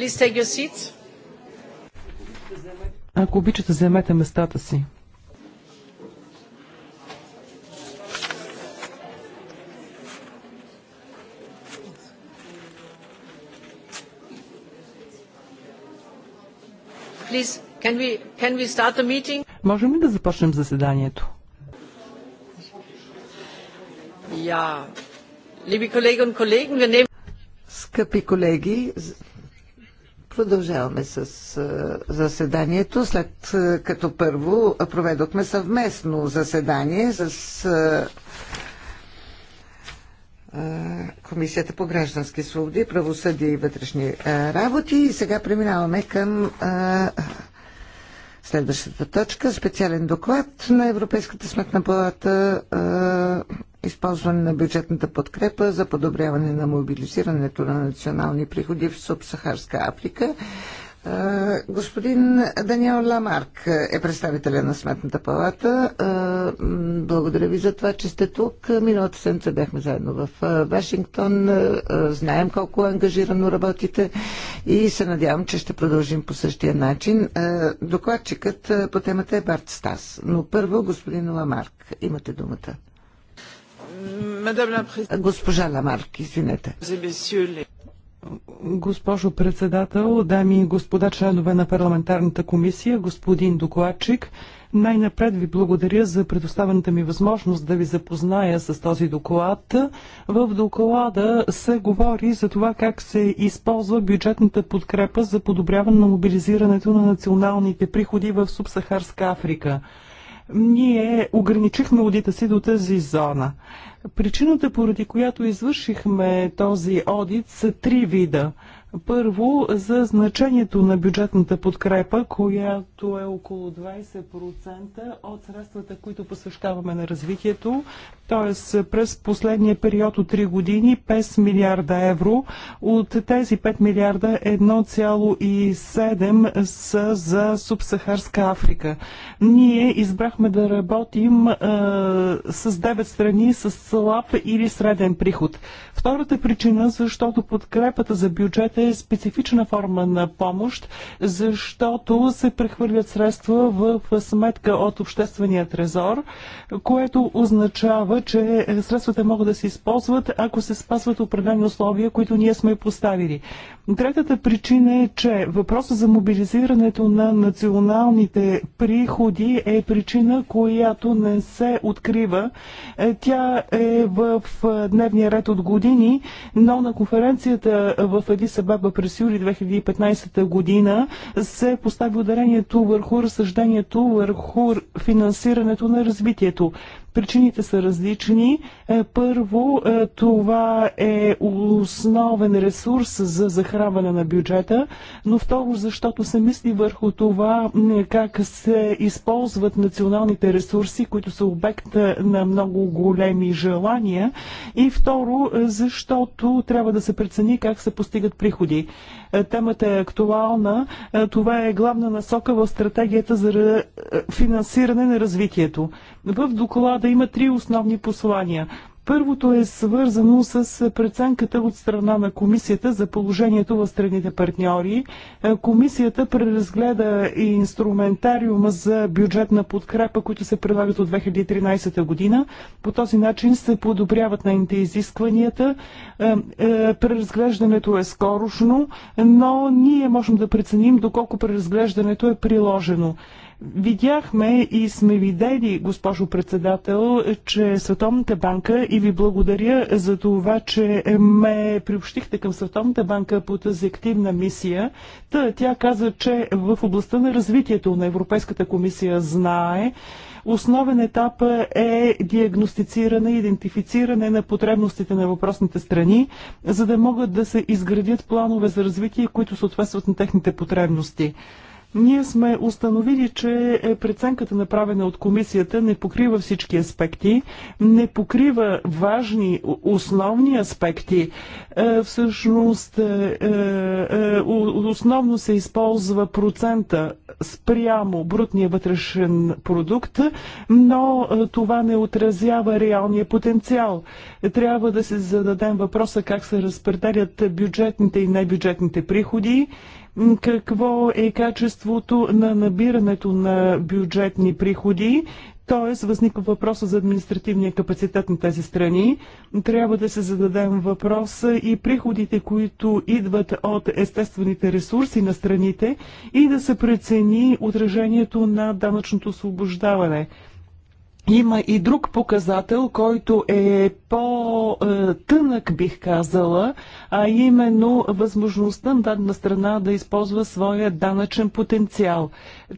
Please take your seats. Ако обичате, заемете местата си. Please, can we, can we start the meeting? Можем ли да започнем заседанието? Ja, yeah. liebe Kolleginnen und Kollegen, wir nehmen... Скъпи колеги, Продължаваме с заседанието, след като първо проведохме съвместно заседание с Комисията по граждански свободи, правосъдие и вътрешни работи. И сега преминаваме към Следващата точка специален доклад на Европейската сметна палата е, използване на бюджетната подкрепа за подобряване на мобилизирането на национални приходи в Субсахарска Африка. Господин Даниел Ламарк е представителя на Сметната палата. Благодаря ви за това, че сте тук. Миналата седмица бяхме заедно в Вашингтон. Знаем колко ангажирано работите и се надявам, че ще продължим по същия начин. Докладчикът по темата е Барт Стас. Но първо, господин Ламарк, имате думата. Госпожа Ламарк, извинете. Госпожо председател, дами и господа членове на парламентарната комисия, господин докладчик, най-напред ви благодаря за предоставената ми възможност да ви запозная с този доклад. В доклада се говори за това как се използва бюджетната подкрепа за подобряване на мобилизирането на националните приходи в Субсахарска Африка ние ограничихме одита си до тази зона. Причината, поради която извършихме този одит, са три вида – първо, за значението на бюджетната подкрепа, която е около 20% от средствата, които посвещаваме на развитието. Т.е. през последния период от 3 години 5 милиарда евро. От тези 5 милиарда 1,7 са за Субсахарска Африка. Ние избрахме да работим е, с 9 страни с слаб или среден приход. Втората причина, защото подкрепата за бюджета е специфична форма на помощ, защото се прехвърлят средства в сметка от обществения трезор, което означава, че средствата могат да се използват, ако се спазват определени условия, които ние сме поставили. Третата причина е, че въпросът за мобилизирането на националните приходи е причина, която не се открива. Е, тя е в е, дневния ред от години, но на конференцията в Адисабаба през юли 2015 година се постави ударението върху разсъждението върху финансирането на развитието. Причините са различни. Е, първо, е, това е основен ресурс за захранване на бюджета, но второ, защото се мисли върху това как се използват националните ресурси, които са обект е, на много големи желания и второ, защото трябва да се прецени как се постигат приходи. Темата е актуална. Това е главна насока в стратегията за финансиране на развитието. В доклада доклада има три основни послания. Първото е свързано с преценката от страна на комисията за положението в страните партньори. Е, комисията преразгледа и инструментариума за бюджетна подкрепа, които се прилагат от 2013 година. По този начин се подобряват на изискванията. Е, е, преразглеждането е скорошно, но ние можем да преценим доколко преразглеждането е приложено. Видяхме и сме видели, госпожо председател, че Световната банка и ви благодаря за това, че ме приобщихте към Световната банка по тази активна мисия. Та, тя каза, че в областта на развитието на Европейската комисия знае, Основен етап е диагностициране и идентифициране на потребностите на въпросните страни, за да могат да се изградят планове за развитие, които съответстват на техните потребности. Ние сме установили, че е, преценката направена от комисията не покрива всички аспекти, не покрива важни основни аспекти. Е, всъщност, е, основно се използва процента спрямо брутния вътрешен продукт, но това не отразява реалния потенциал. Трябва да се зададем въпроса как се разпределят бюджетните и небюджетните приходи какво е качеството на набирането на бюджетни приходи, т.е. възниква въпроса за административния капацитет на тези страни. Трябва да се зададем въпроса и приходите, които идват от естествените ресурси на страните и да се прецени отражението на данъчното освобождаване. Има и друг показател, който е по-тънък, бих казала, а именно възможността на дадена страна да използва своя данъчен потенциал.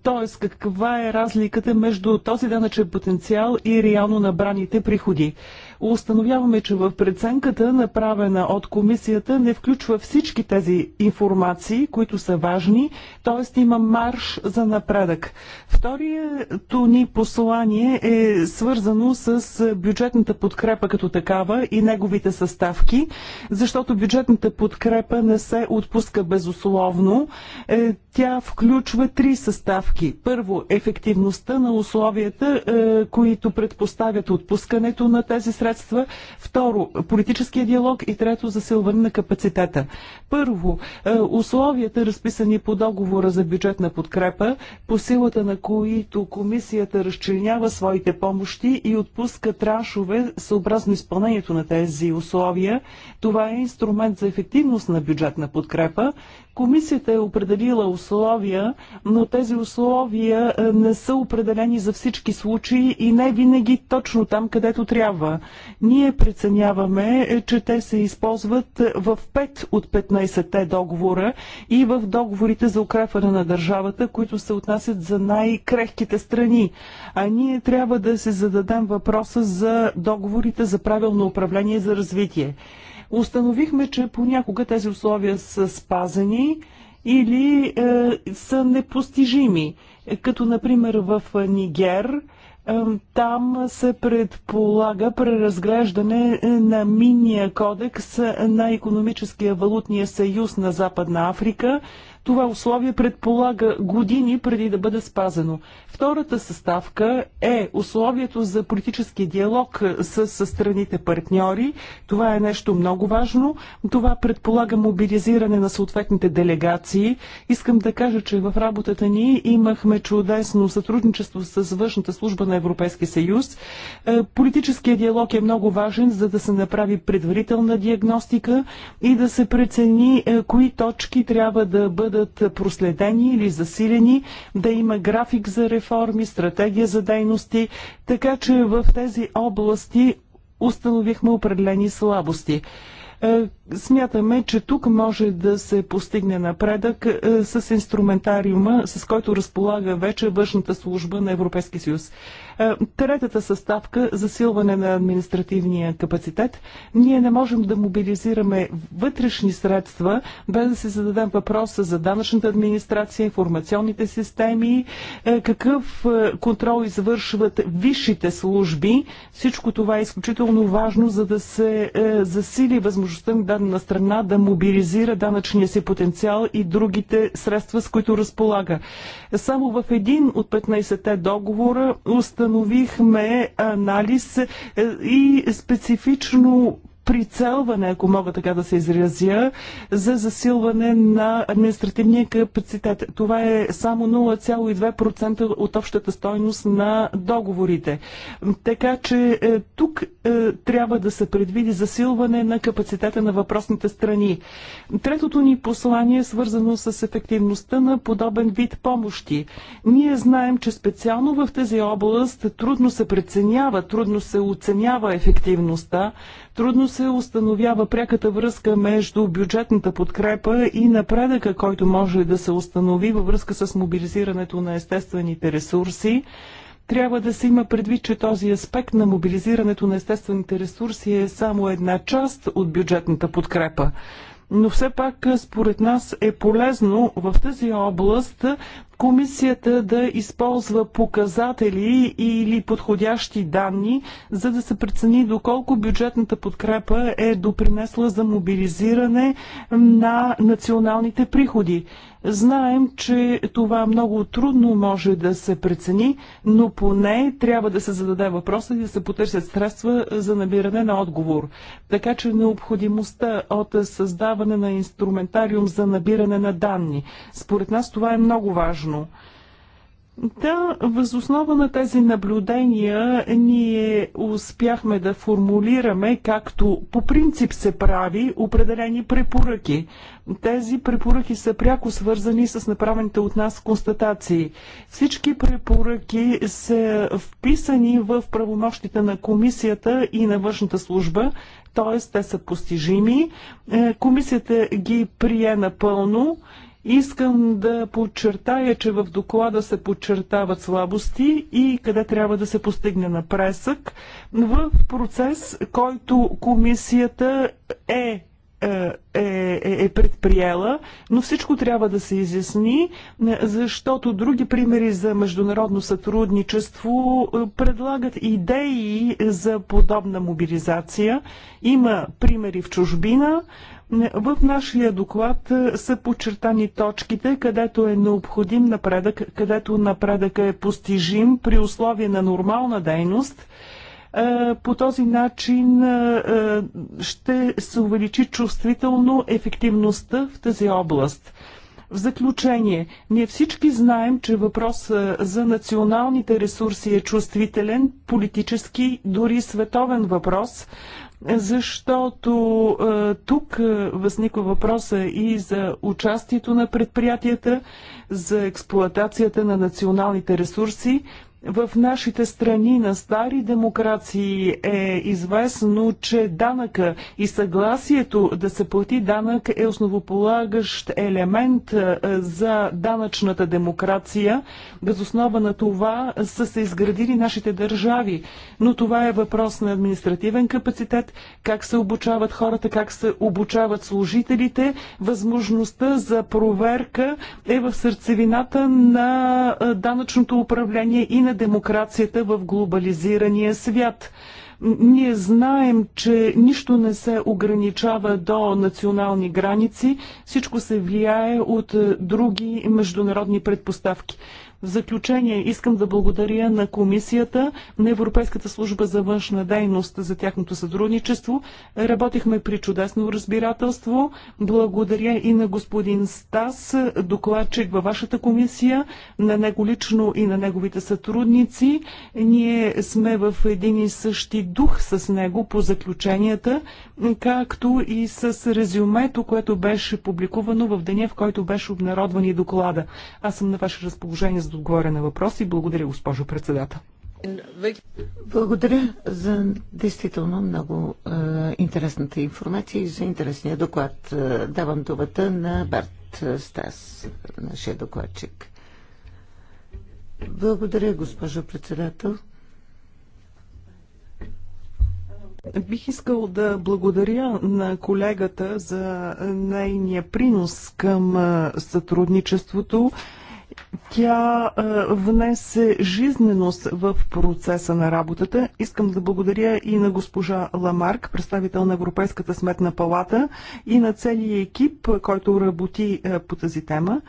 Тоест, каква е разликата между този данъчен потенциал и реално набраните приходи? установяваме, че в преценката, направена от комисията, не включва всички тези информации, които са важни, т.е. има марш за напредък. Вторието ни послание е свързано с бюджетната подкрепа като такава и неговите съставки, защото бюджетната подкрепа не се отпуска безусловно. Е, тя включва три съставки. Първо, ефективността на условията, е, които предпоставят отпускането на тези средства средства, второ, политическия диалог и трето, засилване на капацитета. Първо, е, условията, разписани по договора за бюджетна подкрепа, по силата на които комисията разчленява своите помощи и отпуска траншове съобразно изпълнението на тези условия, това е инструмент за ефективност на бюджетна подкрепа, Комисията е определила условия, но тези условия е, не са определени за всички случаи и не винаги точно там, където трябва. Ние преценяваме, е, че те се използват е, в 5 от 15-те договора и в договорите за укрепване на държавата, които се отнасят за най-крехките страни. А ние трябва да се зададем въпроса за договорите за правилно управление за развитие установихме, че понякога тези условия са спазени или е, са непостижими. Като, например, в Нигер, е, там се предполага преразглеждане е, на минния кодекс на економическия валутния съюз на Западна Африка, това условие предполага години преди да бъде спазено. Втората съставка е условието за политически диалог с, с страните партньори. Това е нещо много важно. Това предполага мобилизиране на съответните делегации. Искам да кажа, че в работата ни имахме чудесно сътрудничество с външната служба на Европейския съюз. Е, политическия диалог е много важен, за да се направи предварителна диагностика и да се прецени е, кои точки трябва да бъдат бъдат проследени или засилени, да има график за реформи, стратегия за дейности, така че в тези области установихме определени слабости. Е, смятаме, че тук може да се постигне напредък е, с инструментариума, с който разполага вече външната служба на Европейския съюз. Е, третата съставка – засилване на административния капацитет. Ние не можем да мобилизираме вътрешни средства, без да се зададем въпроса за данъчната администрация, информационните системи, е, какъв е, контрол извършват висшите служби. Всичко това е изключително важно, за да се засили възможността на дадена страна да мобилизира данъчния си потенциал и другите средства, с които разполага. Само в един от 15-те договора установихме анализ е, и специфично прицелване, ако мога така да се изразя, за засилване на административния капацитет. Това е само 0,2% от общата стойност на договорите. Така че е, тук е, трябва да се предвиди засилване на капацитета на въпросните страни. Третото ни послание е свързано с ефективността на подобен вид помощи. Ние знаем, че специално в тази област трудно се преценява, трудно се оценява ефективността, Трудно се установява пряката връзка между бюджетната подкрепа и напредъка, който може да се установи във връзка с мобилизирането на естествените ресурси. Трябва да се има предвид, че този аспект на мобилизирането на естествените ресурси е само една част от бюджетната подкрепа но все пак според нас е полезно в тази област комисията да използва показатели или подходящи данни, за да се прецени доколко бюджетната подкрепа е допринесла за мобилизиране на националните приходи. Знаем, че това много трудно може да се прецени, но поне трябва да се зададе въпроса и да се потърсят средства за набиране на отговор. Така че необходимостта от създаване на инструментариум за набиране на данни. Според нас това е много важно. Да, възоснова на тези наблюдения ние успяхме да формулираме, както по принцип се прави, определени препоръки. Тези препоръки са пряко свързани с направените от нас констатации. Всички препоръки са вписани в правомощите на комисията и на външната служба, т.е. те са постижими. Е, комисията ги прие напълно Искам да подчертая, че в доклада се подчертават слабости и къде трябва да се постигне напресък в процес, който комисията е е, е, е, е предприела, но всичко трябва да се изясни, защото други примери за международно сътрудничество е, предлагат идеи за подобна мобилизация. Има примери в чужбина, в нашия доклад е, са подчертани точките, където е необходим напредък, където напредък е постижим при условие на нормална дейност. Е, по този начин е, ще се увеличи чувствително ефективността в тази област. В заключение, ние всички знаем, че въпрос за националните ресурси е чувствителен, политически, дори световен въпрос, защото е, тук е, възниква въпроса и за участието на предприятията, за експлоатацията на националните ресурси, в нашите страни на стари демокрации е известно, че данъка и съгласието да се плати данък е основополагащ елемент е, за данъчната демокрация. Безоснова на това са се изградили нашите държави. Но това е въпрос на административен капацитет, как се обучават хората, как се обучават служителите. Възможността за проверка е в сърцевината на е, данъчното управление и на на демокрацията в глобализирания свят. Ние знаем, че нищо не се ограничава до национални граници, всичко се влияе от е, други международни предпоставки. В заключение искам да благодаря на комисията, на Европейската служба за външна дейност за тяхното сътрудничество. Работихме при чудесно разбирателство. Благодаря и на господин Стас, докладчик във вашата комисия, на него лично и на неговите сътрудници. Ние сме в един и същи дух с него по заключенията, както и с резюмето, което беше публикувано в деня, в който беше обнародван и доклада. Аз съм на ваше разположение за да отговоря на въпроси. Благодаря, госпожо председател. Благодаря за действително много е, интересната информация и за интересния доклад. Е, давам думата на Барт Стас, нашия докладчик. Благодаря, госпожо председател. Бих искал да благодаря на колегата за нейния принос към е, сътрудничеството тя е, внесе жизненост в процеса на работата. Искам да благодаря и на госпожа Ламарк, представител на Европейската сметна палата, и на целия екип, който работи е, по тази тема.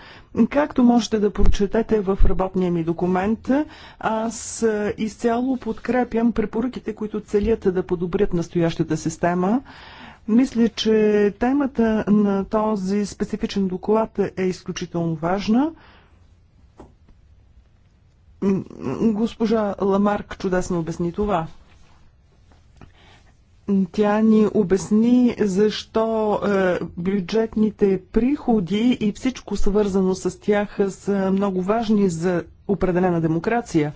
Както можете да прочетете в работния ми документ, аз е, изцяло подкрепям препоръките, които целят да подобрят настоящата система. Мисля, че темата на този специфичен доклад е изключително важна. Госпожа Ламарк чудесно обясни това. Тя ни обясни защо е, бюджетните приходи и всичко свързано с тях са много важни за определена демокрация.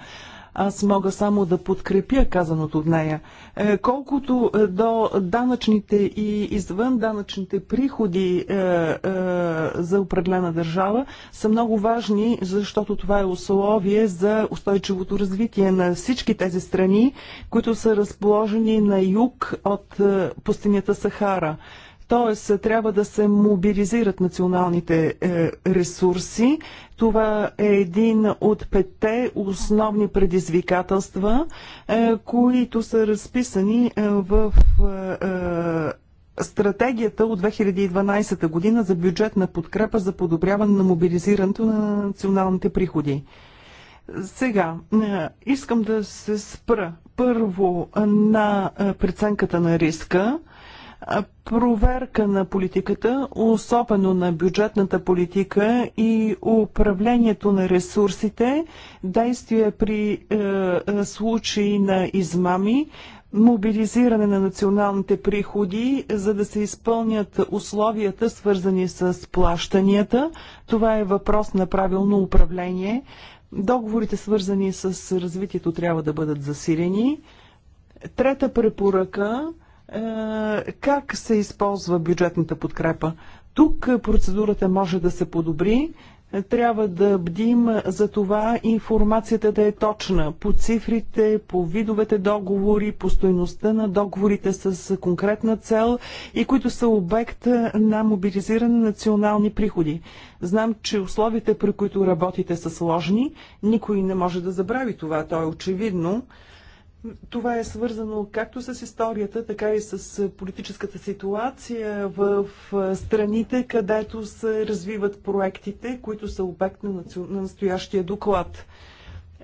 Аз мога само да подкрепя казаното от нея. Е, колкото е, до данъчните и извън данъчните приходи е, за определена държава са много важни, защото това е условие за устойчивото развитие на всички тези страни, които са разположени на юг от пустинята Сахара. Т.е. трябва да се мобилизират националните е, ресурси. Това е един от петте основни предизвикателства, е, които са разписани е, в стратегията от 2012 година за бюджетна подкрепа за подобряване на мобилизирането на националните приходи. Сега, искам да се спра първо на преценката на риска проверка на политиката, особено на бюджетната политика и управлението на ресурсите, действия при е, е, случаи на измами, мобилизиране на националните приходи, за да се изпълнят условията, свързани с плащанията. Това е въпрос на правилно управление. Договорите, свързани с развитието, трябва да бъдат засилени. Трета препоръка – е, как се използва бюджетната подкрепа. Тук процедурата може да се подобри. Трябва да бдим за това информацията да е точна по цифрите, по видовете договори, по стойността на договорите с конкретна цел и които са обект на мобилизиране на национални приходи. Знам, че условията, при които работите са сложни. Никой не може да забрави това, то е очевидно. Това е свързано както с историята, така и с политическата ситуация в страните, където се развиват проектите, които са обект на, настоящия доклад.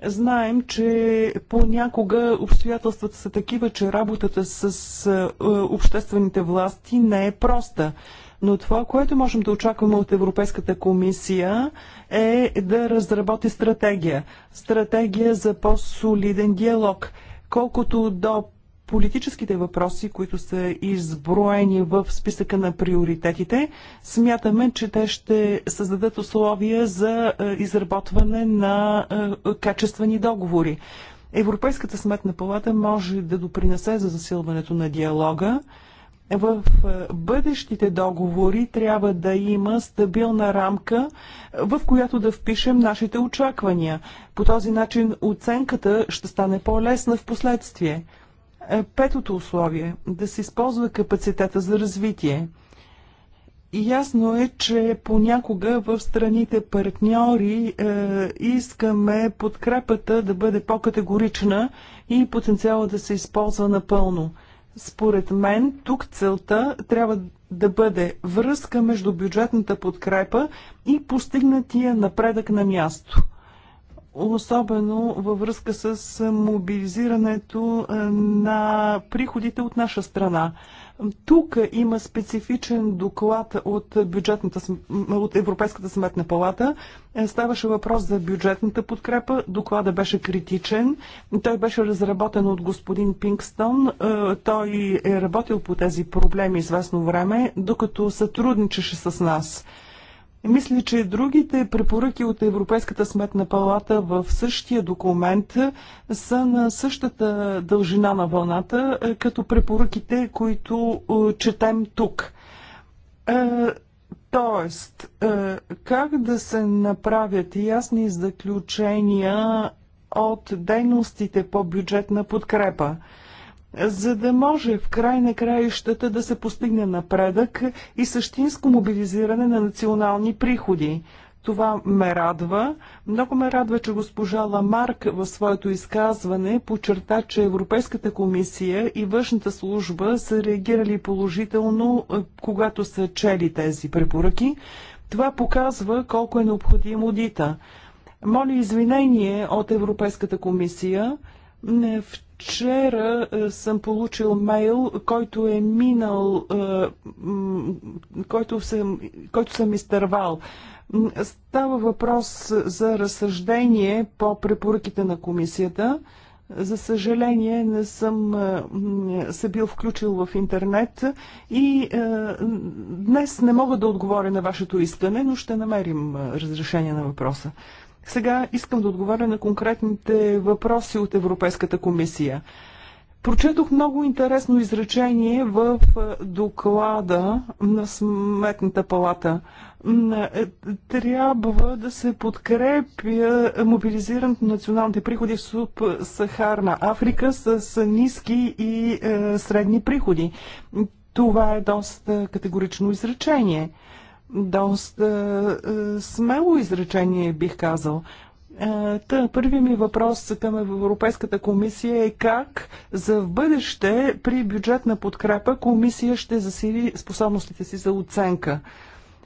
Знаем, че понякога обстоятелствата са такива, че работата с обществените власти не е проста. Но това, което можем да очакваме от Европейската комисия е да разработи стратегия. Стратегия за по-солиден диалог – Колкото до политическите въпроси, които са изброени в списъка на приоритетите, смятаме, че те ще създадат условия за е, изработване на е, качествени договори. Европейската сметна палата може да допринесе за засилването на диалога, в е, бъдещите договори трябва да има стабилна рамка, в която да впишем нашите очаквания. По този начин оценката ще стане по-лесна в последствие. Е, петото условие – да се използва капацитета за развитие. Ясно е, че понякога в страните партньори е, искаме подкрепата да бъде по-категорична и потенциала да се използва напълно – според мен тук целта трябва да бъде връзка между бюджетната подкрепа и постигнатия напредък на място – особено във връзка с мобилизирането на приходите от наша страна. Тук има специфичен доклад от, бюджетната, от Европейската сметна палата. Е, ставаше въпрос за бюджетната подкрепа. Доклада беше критичен. Той беше разработен от господин Пинкстон. Е, той е работил по тези проблеми известно време, докато сътрудничеше с нас. Мисля, че другите препоръки от Европейската сметна палата в същия документ са на същата дължина на вълната, е, като препоръките, които е, четем тук. Е, тоест, как да се направят ясни заключения от дейностите по бюджетна подкрепа? за да може в край на краищата да се постигне напредък и същинско мобилизиране на национални приходи. Това ме радва. Много ме радва, че госпожа Ламарк в своето изказване подчерта, че Европейската комисия и външната служба са реагирали положително, е, когато са чели тези препоръки. Това показва колко е необходим дита. Моля извинение от Европейската комисия. В Вчера е, съм получил мейл, който е минал, е, който съм, който съм изтървал. Става въпрос за разсъждение по препоръките на комисията. За съжаление не съм е, се бил включил в интернет и днес не мога да отговоря на вашето искане, но ще намерим разрешение на въпроса. Сега искам да отговаря на конкретните въпроси от Европейската комисия. Прочетох много интересно изречение в е, доклада на Сметната палата. Е, трябва да се подкрепя мобилизирането на националните приходи в Субсахарна Африка с ниски и е, средни приходи. Това е доста категорично изречение. Доста е, смело изречение бих казал. Е, та, първи ми въпрос към Европейската комисия е как за в бъдеще при бюджетна подкрепа комисия ще засили способностите си за оценка.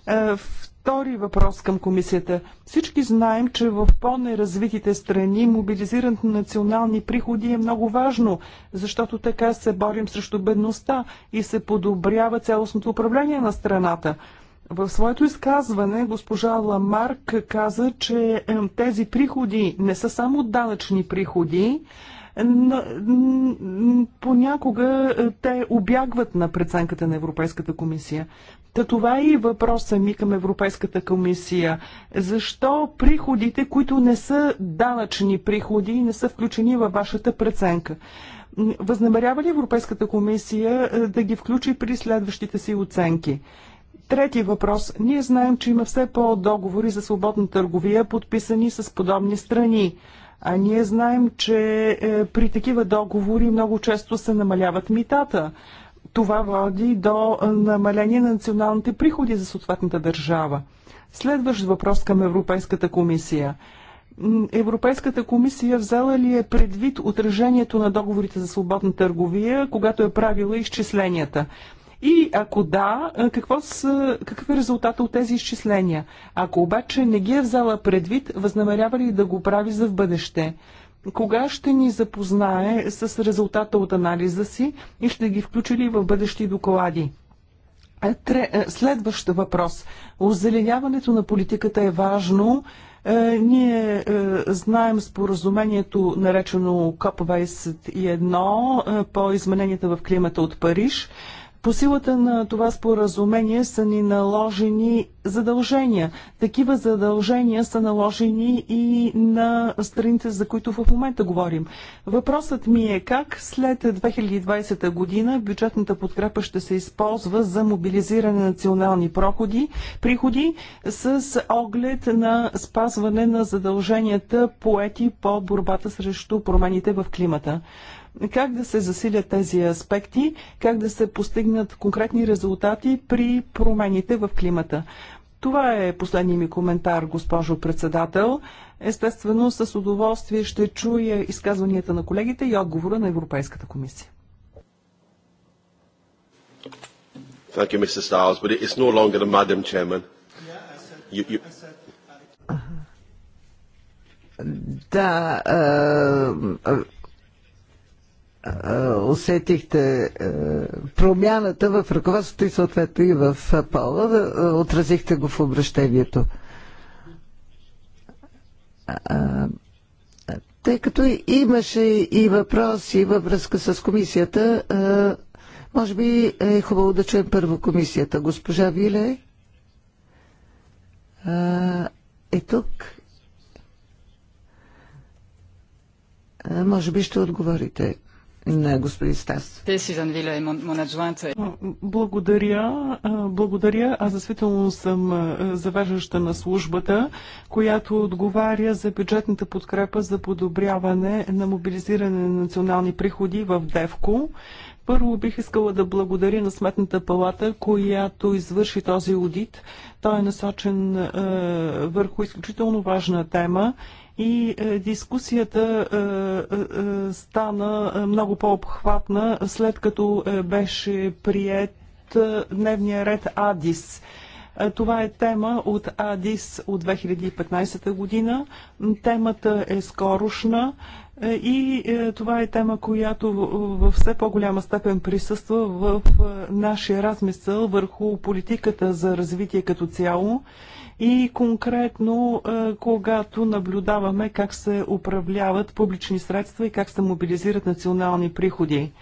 Е, втори въпрос към комисията. Всички знаем, че в по-неразвитите страни мобилизирането на национални приходи е много важно, защото така се борим срещу бедността и се подобрява цялостното управление на страната. В своето изказване госпожа Ламарк каза, че е, тези приходи не са само данъчни приходи, но понякога е, те обягват на преценката на Европейската комисия. Та това е и въпроса ми към Европейската комисия. Защо приходите, които не са данъчни приходи, не са включени във вашата преценка? Възнамерява ли Европейската комисия е, да ги включи при следващите си оценки? Трети въпрос. Ние знаем, че има все по-договори за свободна търговия, подписани с подобни страни. А ние знаем, че е, при такива договори много често се намаляват митата. Това води до е, намаление на националните приходи за съответната държава. Следващ въпрос към Европейската комисия. Европейската комисия взела ли е предвид отражението на договорите за свободна търговия, когато е правила изчисленията? И ако да, какво са, какъв е резултата от тези изчисления? Ако обаче не ги е взела предвид, възнамерява ли да го прави за в бъдеще? Кога ще ни запознае с резултата от анализа си и ще ги включи ли в бъдещи доклади? Е, е, следващ въпрос. Озеленяването на политиката е важно. Е, ние знаем споразумението, наречено КОП-21 по измененията в климата от Париж – по силата на това споразумение са ни наложени задължения. Такива задължения са наложени и на страните, за които в момента говорим. Въпросът ми е как след 2020 година бюджетната подкрепа ще се използва за мобилизиране на национални проходи, приходи с оглед на спазване на задълженията поети по борбата срещу промените в климата. Как да се засилят тези аспекти, как да се постигнат конкретни резултати при промените в климата. Това е последният ми коментар, госпожо председател. Естествено, с удоволствие ще чуя изказванията на колегите и отговора на Европейската комисия. Thank you, Mr. but it's no longer the Madam Chairman. Да, усетихте е, промяната в ръководството и съответно и в е, пола, е, отразихте го в обращението. Тъй като имаше и въпроси във връзка с комисията, може би е хубаво да чуем първо комисията. Госпожа Виле е тук. Може би ще отговорите на господин Стас. Е е. Благодаря. Благодаря. Аз действително съм завеждаща на службата, която отговаря за бюджетната подкрепа за подобряване на мобилизиране на национални приходи в ДЕВКО. Първо бих искала да благодаря на Сметната палата, която извърши този аудит. Той е насочен е, върху изключително важна тема и е, дискусията е, е, стана много по-обхватна след като беше прият дневния ред АДИС. Това е тема от АДИС от 2015 година. Темата е скорошна и това е тема, която в все по-голяма степен присъства в нашия размисъл върху политиката за развитие като цяло и конкретно е, когато наблюдаваме как се управляват публични средства и как се мобилизират национални приходи.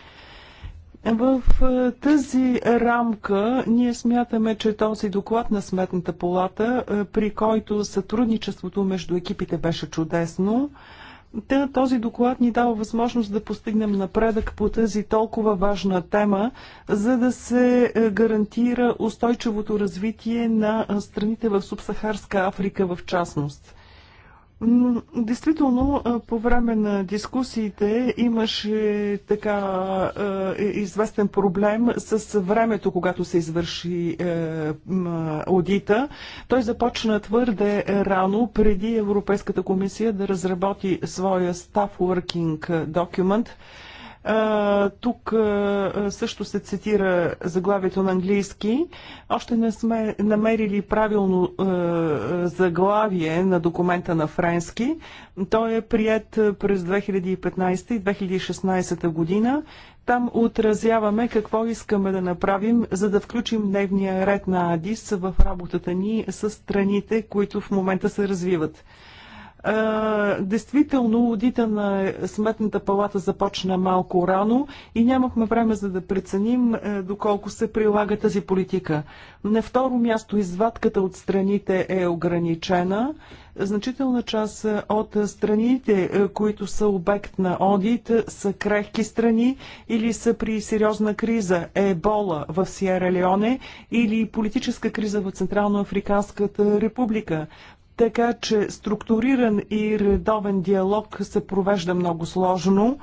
В е, тази рамка ние смятаме, че този доклад на Сметната палата, е, при който сътрудничеството между екипите беше чудесно, Та, този доклад ни дава възможност да постигнем напредък по тази толкова важна тема, за да се е, гарантира устойчивото развитие на е, страните в Субсахарска Африка в частност. Действително, по време на дискусиите имаше така е, известен проблем с времето, когато се извърши е, аудита. Той започна твърде рано, преди Европейската комисия да разработи своя Staff Working е, Document – тук също се цитира заглавието на английски. Още не сме намерили правилно заглавие на документа на френски. Той е прият през 2015 и 2016 година. Там отразяваме какво искаме да направим, за да включим дневния ред на АДИС в работата ни с страните, които в момента се развиват действително аудита на Сметната палата започна малко рано и нямахме време за да преценим е, доколко се прилага тази политика. На второ място извадката от страните е ограничена. Значителна част е, от страните, е, които са обект на одит, са крехки страни или са при сериозна криза, ебола в Сиера Леоне или политическа криза в Централно-Африканската република. Така че структуриран и редовен диалог се провежда много сложно,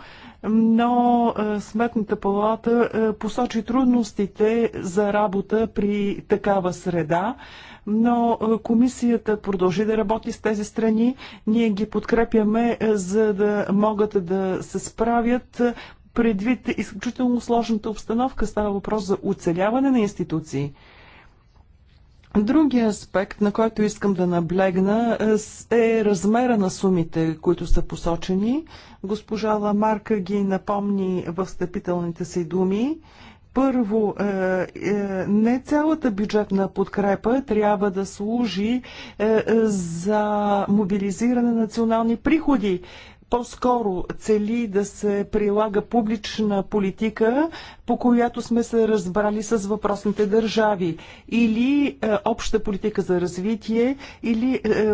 но е, Сметната палата е, посочи трудностите за работа при такава среда, но е, комисията продължи да работи с тези страни. Ние ги подкрепяме, за да могат да се справят предвид изключително сложната обстановка. Става въпрос за оцеляване на институции. Другия аспект, на който искам да наблегна, е, е размера на сумите, които са посочени. Госпожа Ламарка ги напомни в стъпителните си думи. Първо, е, е, не цялата бюджетна подкрепа трябва да служи за мобилизиране на национални приходи по-скоро цели да се прилага публична политика, по която сме се разбрали с въпросните държави. Или е, обща политика за развитие, или е,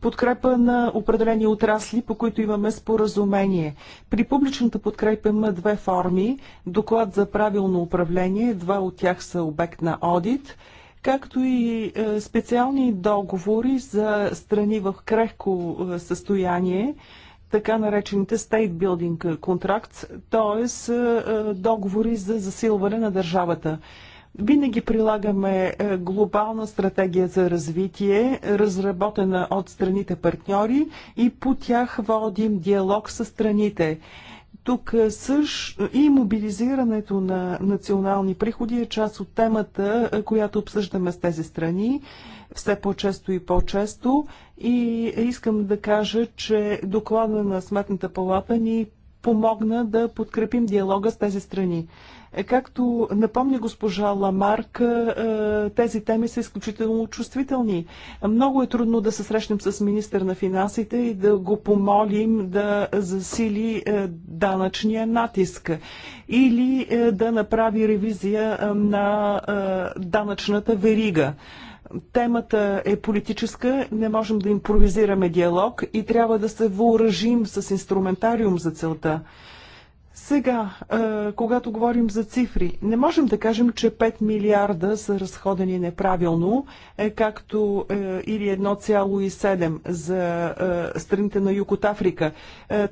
подкрепа на определени отрасли, по които имаме споразумение. При публичната подкрепа има две форми. Доклад за правилно управление, два от тях са обект на одит както и е, специални договори за страни в крехко е, състояние, така наречените state building контракт, т.е. Е, е, договори за засилване на държавата. Винаги прилагаме е, глобална стратегия за развитие, разработена от страните партньори и по тях водим диалог с страните. Тук също и мобилизирането на национални приходи е част от темата, която обсъждаме с тези страни все по-често и по-често. И искам да кажа, че доклада на Сметната палата ни помогна да подкрепим диалога с тези страни. Е, както напомня госпожа Ламарк, е, тези теми са изключително чувствителни. Много е трудно да се срещнем с министър на финансите и да го помолим да засили е, данъчния натиск или да направи ревизия на данъчната верига. Темата е политическа, не можем да импровизираме диалог и трябва да се въоръжим с инструментариум за целта. Сега, е, когато говорим за цифри, не можем да кажем, че 5 милиарда са разходени неправилно, е, както е, или 1,7 за страните на Юг от Африка.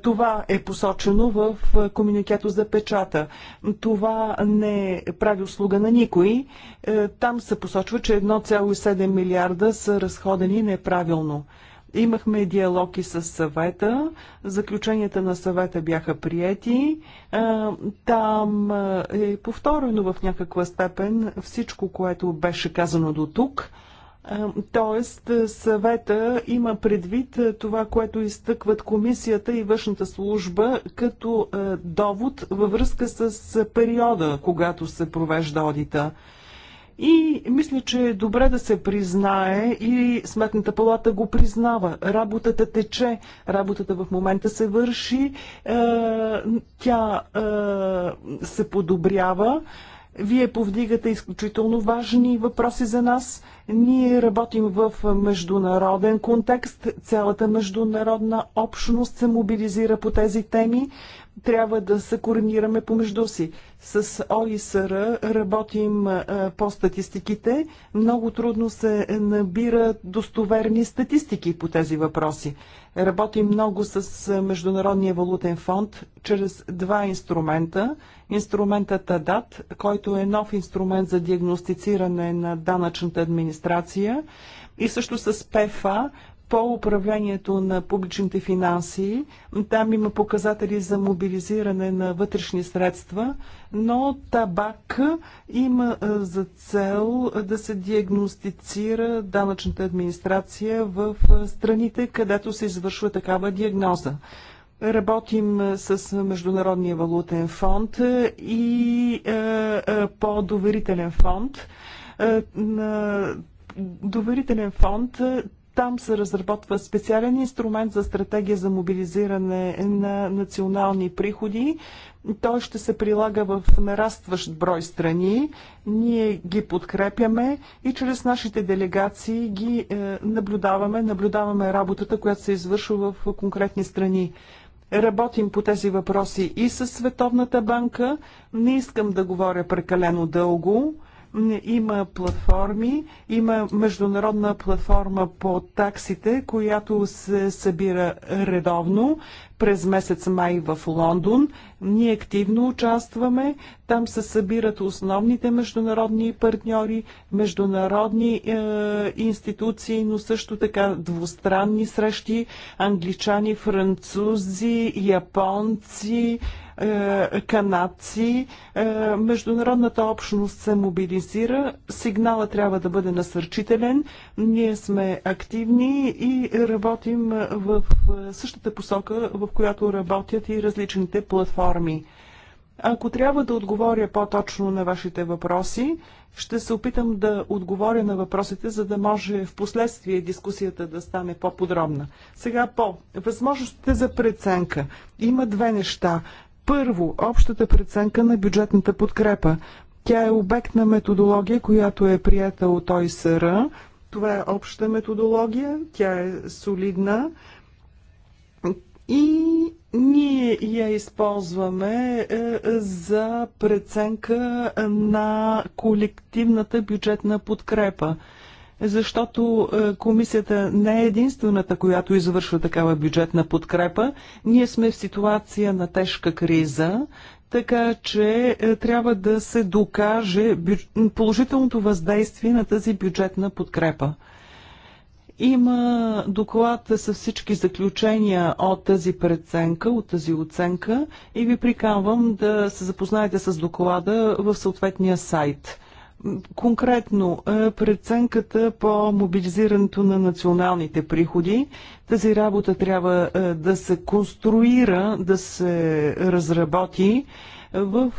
Това е посочено в комуникето за печата. Това не прави услуга на никой. Там се посочва, че 1,7 милиарда са разходени неправилно. Имахме диалоги с съвета. Заключенията на съвета бяха приети. Там е повторено в някаква степен всичко, което беше казано до тук. Тоест, съвета има предвид това, което изтъкват комисията и външната служба като довод във връзка с периода, когато се провежда одита. И мисля, че е добре да се признае и Сметната палата го признава. Работата тече, работата в момента се върши, е, тя е, се подобрява. Вие повдигате изключително важни въпроси за нас. Ние работим в международен контекст. Цялата международна общност се мобилизира по тези теми трябва да се координираме помежду си. С ОИСР работим по статистиките. Много трудно се набира достоверни статистики по тези въпроси. Работим много с Международния валутен фонд чрез два инструмента. Инструментът ТАДАТ, който е нов инструмент за диагностициране на данъчната администрация и също с ПФА, по управлението на публичните финанси. Там има показатели за мобилизиране на вътрешни средства, но табак има за цел да се диагностицира данъчната администрация в страните, където се извършва такава диагноза. Работим с Международния валутен фонд и по доверителен фонд на доверителен фонд там се разработва специален инструмент за стратегия за мобилизиране на национални приходи. Той ще се прилага в нарастващ брой страни. Ние ги подкрепяме и чрез нашите делегации ги е, наблюдаваме, наблюдаваме работата, която се извършва в конкретни страни. Работим по тези въпроси и със Световната банка. Не искам да говоря прекалено дълго. Има платформи, има международна платформа по таксите, която се събира редовно през месец май в Лондон. Ние активно участваме. Там се събират основните международни партньори, международни е, институции, но също така двустранни срещи, англичани, французи, японци, е, канадци. Е, международната общност се мобилизира. Сигнала трябва да бъде насърчителен. Ние сме активни и работим в е, същата посока, в която работят и различните платформи. Ако трябва да отговоря по-точно на вашите въпроси, ще се опитам да отговоря на въпросите, за да може в последствие дискусията да стане по-подробна. Сега по възможностите за преценка. Има две неща. Първо, общата преценка на бюджетната подкрепа. Тя е обект на методология, която е прията от ОИСР. Това е обща методология, тя е солидна и ние я използваме е, за преценка на колективната бюджетна подкрепа защото е, комисията не е единствената, която извършва такава бюджетна подкрепа. Ние сме в ситуация на тежка криза, така че е, трябва да се докаже положителното въздействие на тази бюджетна подкрепа. Има доклад с всички заключения от тази преценка, от тази оценка и ви приканвам да се запознаете с доклада в съответния сайт. Конкретно, е, преценката по мобилизирането на националните приходи. Тази работа трябва е, да се конструира, да се разработи. В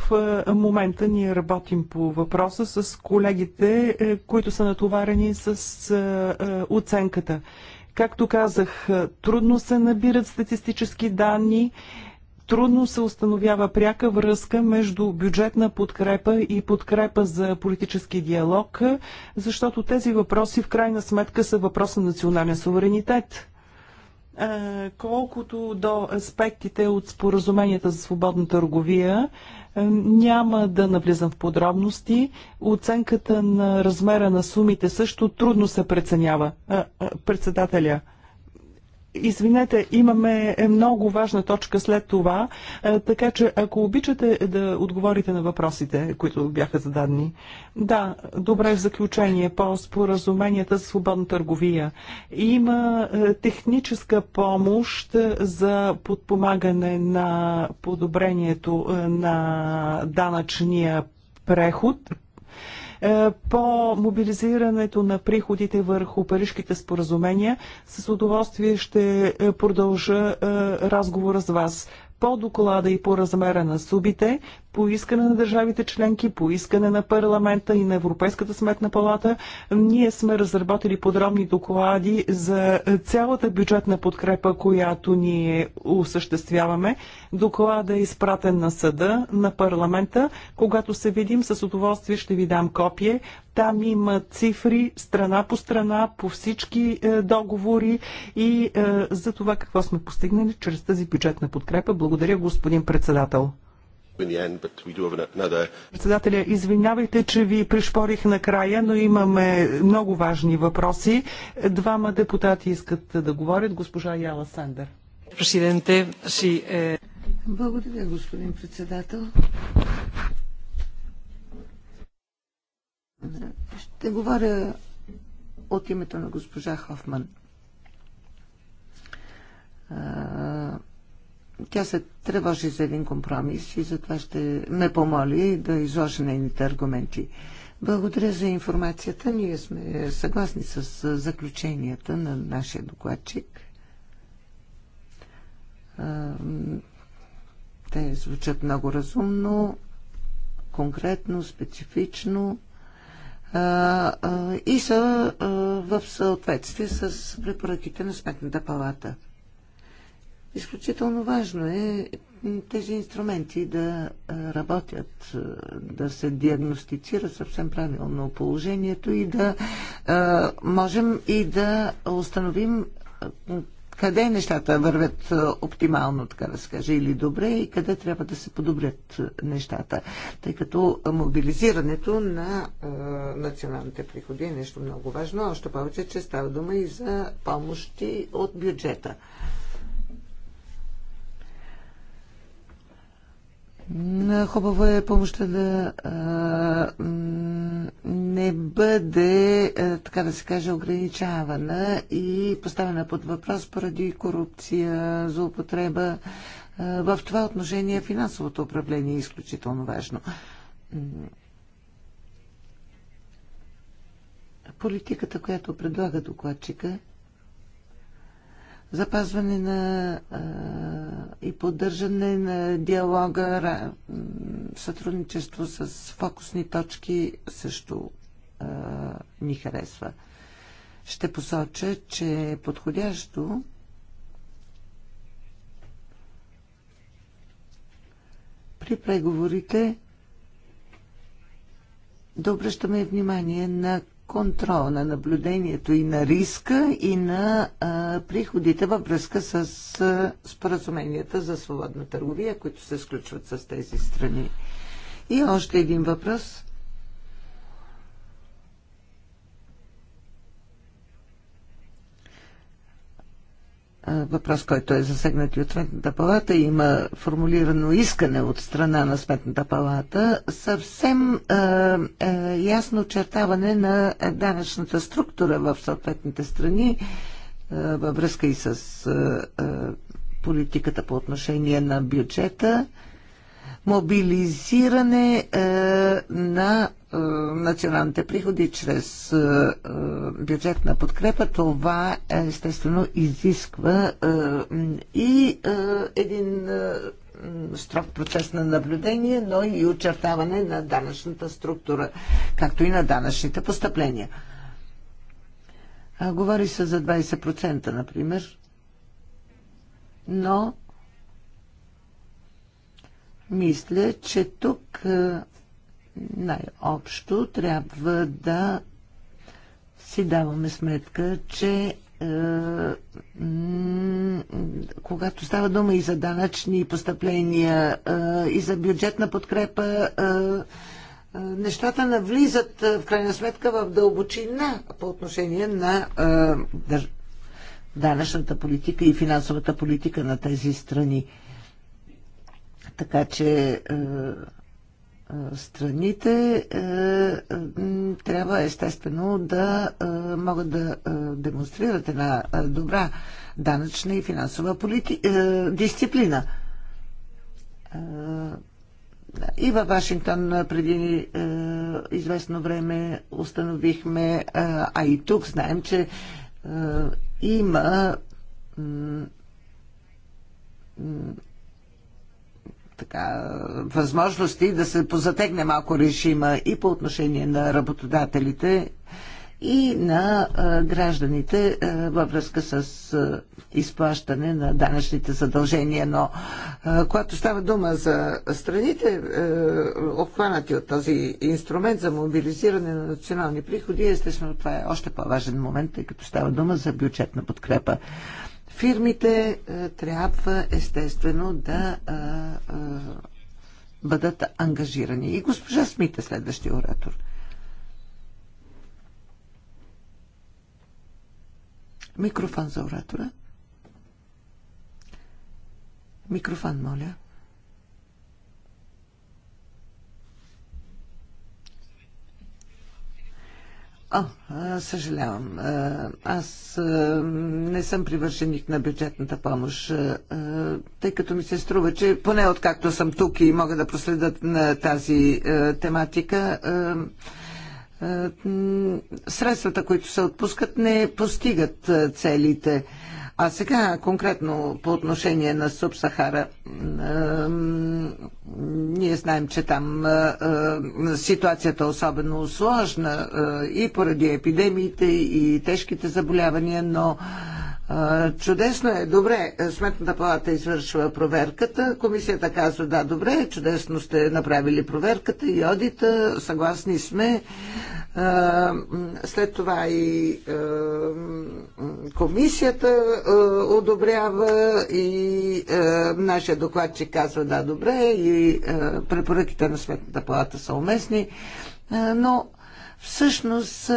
е, момента ние работим по въпроса с колегите, които са натоварени с оценката. Както казах, трудно се набират статистически данни трудно се установява пряка връзка между бюджетна подкрепа и подкрепа за политически диалог, защото тези въпроси в крайна сметка са въпрос на национален суверенитет. Колкото до аспектите от споразуменията за свободна търговия, няма да навлизам в подробности. Оценката на размера на сумите също трудно се преценява. Председателя. Извинете, имаме много важна точка след това, е, така че ако обичате да отговорите на въпросите, които бяха зададени. Да, добре в заключение по споразуменията за свободна търговия. Има е, техническа помощ за подпомагане на подобрението е, на данъчния преход, е, по мобилизирането на приходите върху парижките споразумения. С удоволствие ще е, продължа е, разговора с вас по доклада и по размера на субите по искане на държавите членки, по искане на парламента и на Европейската сметна палата. Ние сме разработили подробни доклади за цялата бюджетна подкрепа, която ние осъществяваме. Доклада е изпратен на съда, на парламента. Когато се видим, с удоволствие ще ви дам копие. Там има цифри страна по страна по всички е, договори и е, за това какво сме постигнали чрез тази бюджетна подкрепа. Благодаря, господин председател. Председателя, извинявайте, че ви пришпорих накрая, но имаме много важни въпроси. Двама депутати искат да говорят. Госпожа Яла Сандър. Е, Благодаря, господин председател. Ще говоря от името на госпожа Хофман тя се тревожи за един компромис и затова ще ме помоли да изложи нейните аргументи. Благодаря за информацията. Ние сме съгласни с заключенията на нашия докладчик. Те звучат много разумно, конкретно, специфично и са в съответствие с препоръките на Сметната палата. Изключително важно е тези инструменти да работят, да се диагностицира съвсем правилно положението и да можем и да установим къде нещата вървят оптимално, така да се каже, или добре и къде трябва да се подобрят нещата. Тъй като мобилизирането на е, националните приходи е нещо много важно, още повече, че става дума и за помощи от бюджета. Хубаво е помощта да а, не бъде, а, така да се каже, ограничавана и поставена под въпрос поради корупция, злоупотреба. А, в това отношение финансовото управление е изключително важно. Политиката, която предлага докладчика, запазване на а, и поддържане на диалога, сътрудничество с фокусни точки също а, ни харесва. Ще посоча, че е подходящо при преговорите да обръщаме внимание на контрол на наблюдението и на риска и на а, приходите във връзка с а, споразуменията за свободна търговия, които се сключват с тези страни. И още един въпрос. въпрос, който е засегнат и от Сметната палата. Има формулирано искане от страна на Сметната палата съвсем е, е, ясно очертаване на данъчната структура в съответните страни е, във връзка и с е, е, политиката по отношение на бюджета. Е, мобилизиране е, на е, националните приходи чрез е, е бюджетна подкрепа, това естествено изисква е, и е, един е, строг процес на наблюдение, но и очертаване на данъчната структура, както и на данъчните постъпления. А, е, говори се за 20%, например, но мисля, че тук е, най-общо трябва да си даваме сметка, че е, когато става дума и за данъчни постъпления, е, и за бюджетна подкрепа, нещата навлизат в крайна сметка в дълбочина по отношение на данъчната политика и финансовата политика на тези страни. Така че е, е, страните е, трябва естествено да могат да демонстрират една добра данъчна и финансова полити... дисциплина. И във Вашингтон преди е, известно време установихме, е, а и тук знаем, че е, има така, възможности да се позатегне малко режима и по отношение на работодателите и на а, гражданите а, във връзка с а, изплащане на данъчните задължения. Но а, когато става дума за страните, а, обхванати от този инструмент за мобилизиране на национални приходи, естествено това е още по-важен момент, тъй като става дума за бюджетна подкрепа. Фирмите е, трябва естествено да е, е, бъдат ангажирани. И госпожа е следващия оратор. Микрофон за оратора. Микрофон, моля. А, съжалявам. Аз не съм привърженик на бюджетната помощ, тъй като ми се струва, че поне откакто съм тук и мога да проследя на тази тематика, средствата, които се отпускат, не постигат целите. А сега конкретно по отношение на Субсахара, ние знаем, че там ситуацията е особено сложна и поради епидемиите и тежките заболявания, но Чудесно е, добре, Сметната палата извършва проверката, комисията казва, да, добре, чудесно сте направили проверката и одита, съгласни сме, след това и комисията одобрява и нашия докладчик казва да, добре и препоръките на Светната палата са уместни, но всъщност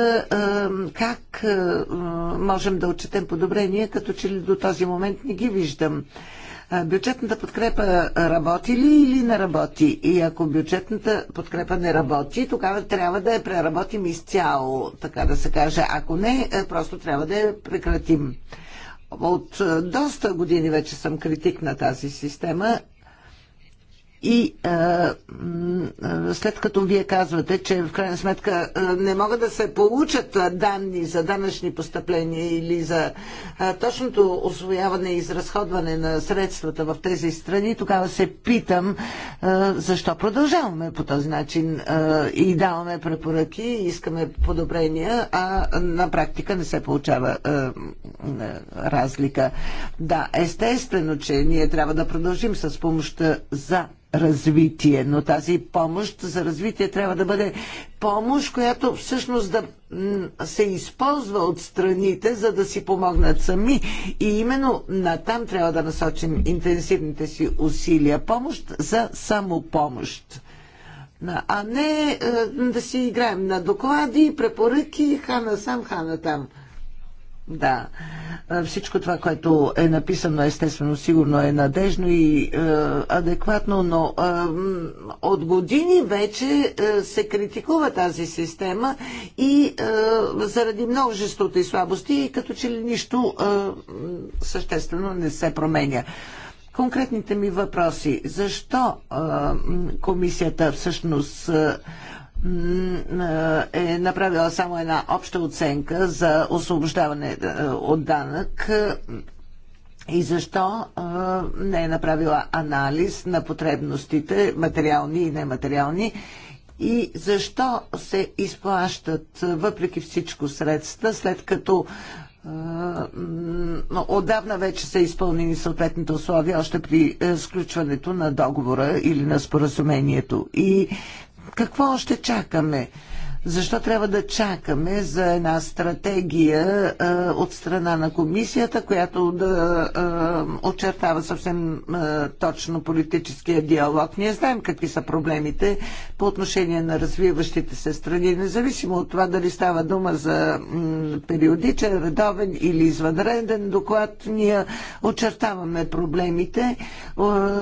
как можем да отчетем подобрения, като че ли до този момент не ги виждам бюджетната подкрепа работи ли или не работи? И ако бюджетната подкрепа не работи, тогава трябва да я преработим изцяло, така да се каже. Ако не, е, просто трябва да я прекратим. От е, доста години вече съм критик на тази система и а, след като вие казвате, че в крайна сметка не могат да се получат данни за данъчни постъпления или за а, точното освояване и изразходване на средствата в тези страни, тогава се питам а, защо продължаваме по този начин а, и даваме препоръки, искаме подобрения, а на практика не се получава а, разлика. Да, естествено, че ние трябва да продължим с помощта за развитие, но тази помощ за развитие трябва да бъде помощ, която всъщност да се използва от страните, за да си помогнат сами. И именно на там трябва да насочим интенсивните си усилия. Помощ за самопомощ. А не е, да си играем на доклади, препоръки, хана сам, хана там. Да. Всичко това, което е написано, естествено, сигурно е надежно и е, адекватно, но е, от години вече е, се критикува тази система и е, заради множеството и слабости, като че ли нищо е, съществено не се променя. Конкретните ми въпроси. Защо е, комисията всъщност. Е, е направила само една обща оценка за освобождаване е, от данък и защо е, не е направила анализ на потребностите, материални и нематериални, и защо се изплащат въпреки всичко средства, след като е, отдавна вече са изпълнени съответните условия, още при сключването на договора или на споразумението. И какво още чакаме? Защо трябва да чакаме за една стратегия а, от страна на комисията, която да а, очертава съвсем а, точно политическия диалог? Ние знаем какви са проблемите по отношение на развиващите се страни, независимо от това дали става дума за м, периодичен, редовен или извънреден доклад. Ние очертаваме проблемите, а,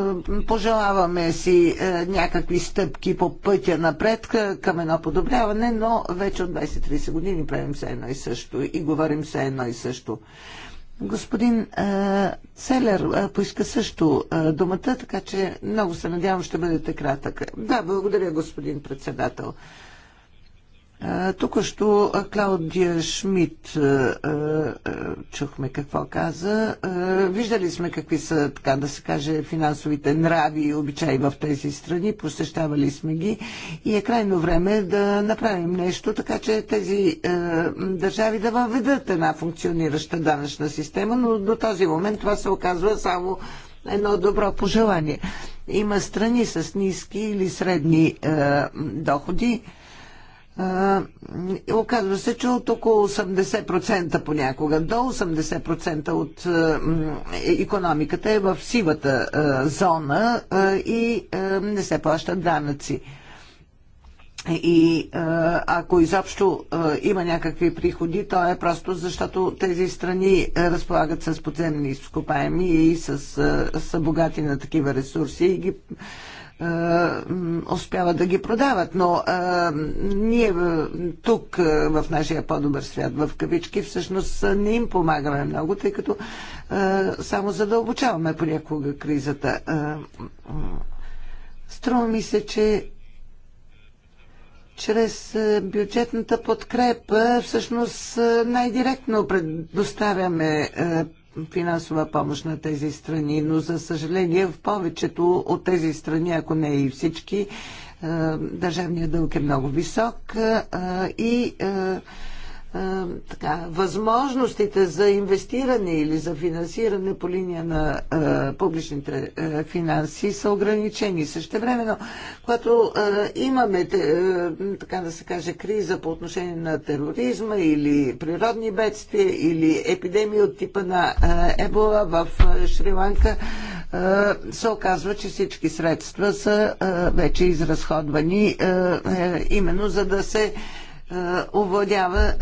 пожелаваме си а, някакви стъпки по пътя напред към едно подобряване но вече от 20-30 години правим все едно и също и говорим все едно и също. Господин е, Целер е, поиска също е, думата, така че много се надявам ще бъдете кратък. Да, благодаря, господин председател. Тук що Клаудия Шмидт чухме какво каза. Виждали сме какви са, така да се каже, финансовите нрави и обичаи в тези страни. Посещавали сме ги и е крайно време да направим нещо, така че тези държави да въведат една функционираща данъчна система, но до този момент това се оказва само едно добро пожелание. Има страни с ниски или средни доходи, Оказва се, че от около 80% понякога, до 80% от економиката е в сивата зона и не се плащат данъци. И ако изобщо има някакви приходи, то е просто защото тези страни разполагат с подземни изкопаеми и с, са богати на такива ресурси и ги успяват да ги продават. Но а, ние тук в нашия по-добър свят, в кавички, всъщност не им помагаме много, тъй като а, само задълбочаваме понякога кризата. А, струва ми се, че чрез бюджетната подкрепа всъщност най-директно предоставяме финансова помощ на тези страни, но за съжаление в повечето от тези страни, ако не и всички, е, държавният дълг е много висок е, и е, така, възможностите за инвестиране или за финансиране по линия на а, публичните а, финанси са ограничени. времено, когато а, имаме, а, така да се каже, криза по отношение на тероризма или природни бедствия или епидемии от типа на а, Ебола в Шри-Ланка, се оказва, че всички средства са а, вече изразходвани а, е, именно за да се е, овладява е,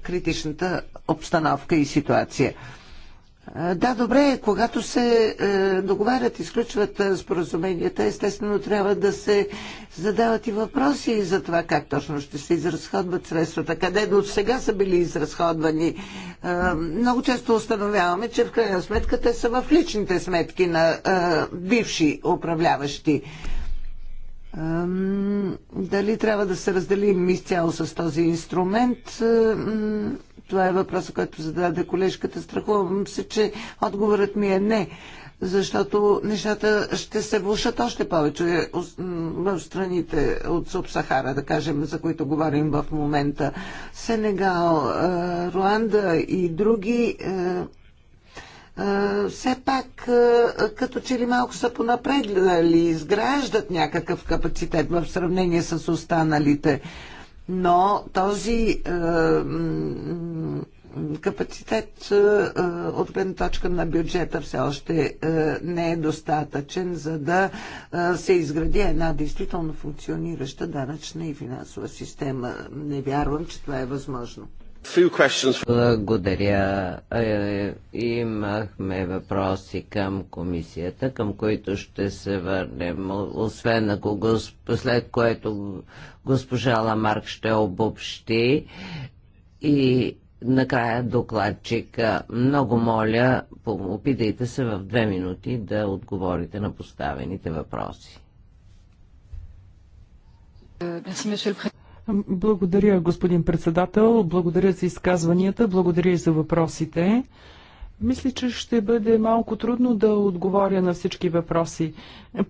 критичната обстановка и ситуация. Е, да, добре, когато се договарят и сключват споразуменията, естествено трябва да се задават и въпроси за това как точно ще се изразходват средствата, къде до сега са били изразходвани. Много често установяваме, че в крайна сметка те са в личните сметки на бивши управляващи дали трябва да се разделим изцяло с този инструмент? Това е въпросът, който зададе колежката. Страхувам се, че отговорът ми е не, защото нещата ще се влушат още повече в страните от Субсахара, да кажем, за които говорим в момента. Сенегал, Руанда и други все пак като че ли малко са понапредли, изграждат някакъв капацитет в сравнение с останалите. Но този капацитет от гледна точка на бюджета все още не е достатъчен, за да се изгради една действително функционираща данъчна и финансова система. Не вярвам, че това е възможно. Благодаря. Е, имахме въпроси към комисията, към които ще се върнем, освен ако госп... след което госпожа Ламарк ще обобщи и накрая докладчика. Много моля, опитайте се в две минути да отговорите на поставените въпроси. Благодаря. Е, благодаря, господин председател. Благодаря за изказванията. Благодаря и за въпросите. Мисля, че ще бъде малко трудно да отговоря на всички въпроси.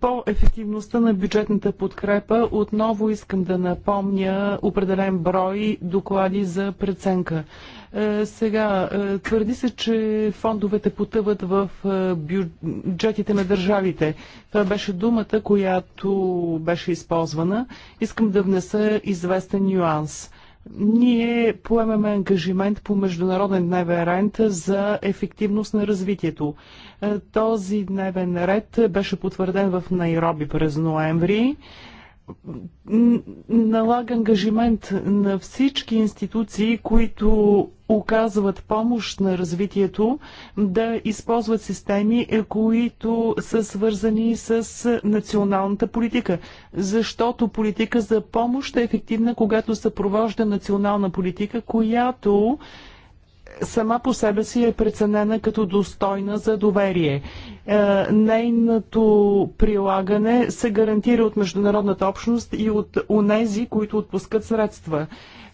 По ефективността на бюджетната подкрепа отново искам да напомня определен брой доклади за преценка. Е, сега, е, твърди се, че фондовете потъват в е, бюджетите на държавите. Това беше думата, която беше използвана. Искам да внеса известен нюанс. Ние поемаме ангажимент по Международен дневен ред за ефективност на развитието. Този дневен ред беше потвърден в Найроби през ноември налага ангажимент на всички институции, които оказват помощ на развитието, да използват системи, е, които са свързани с националната политика. Защото политика за помощ е ефективна, когато съпровожда национална политика, която сама по себе си е преценена като достойна за доверие. Е, нейното прилагане се гарантира от международната общност и от онези, които отпускат средства.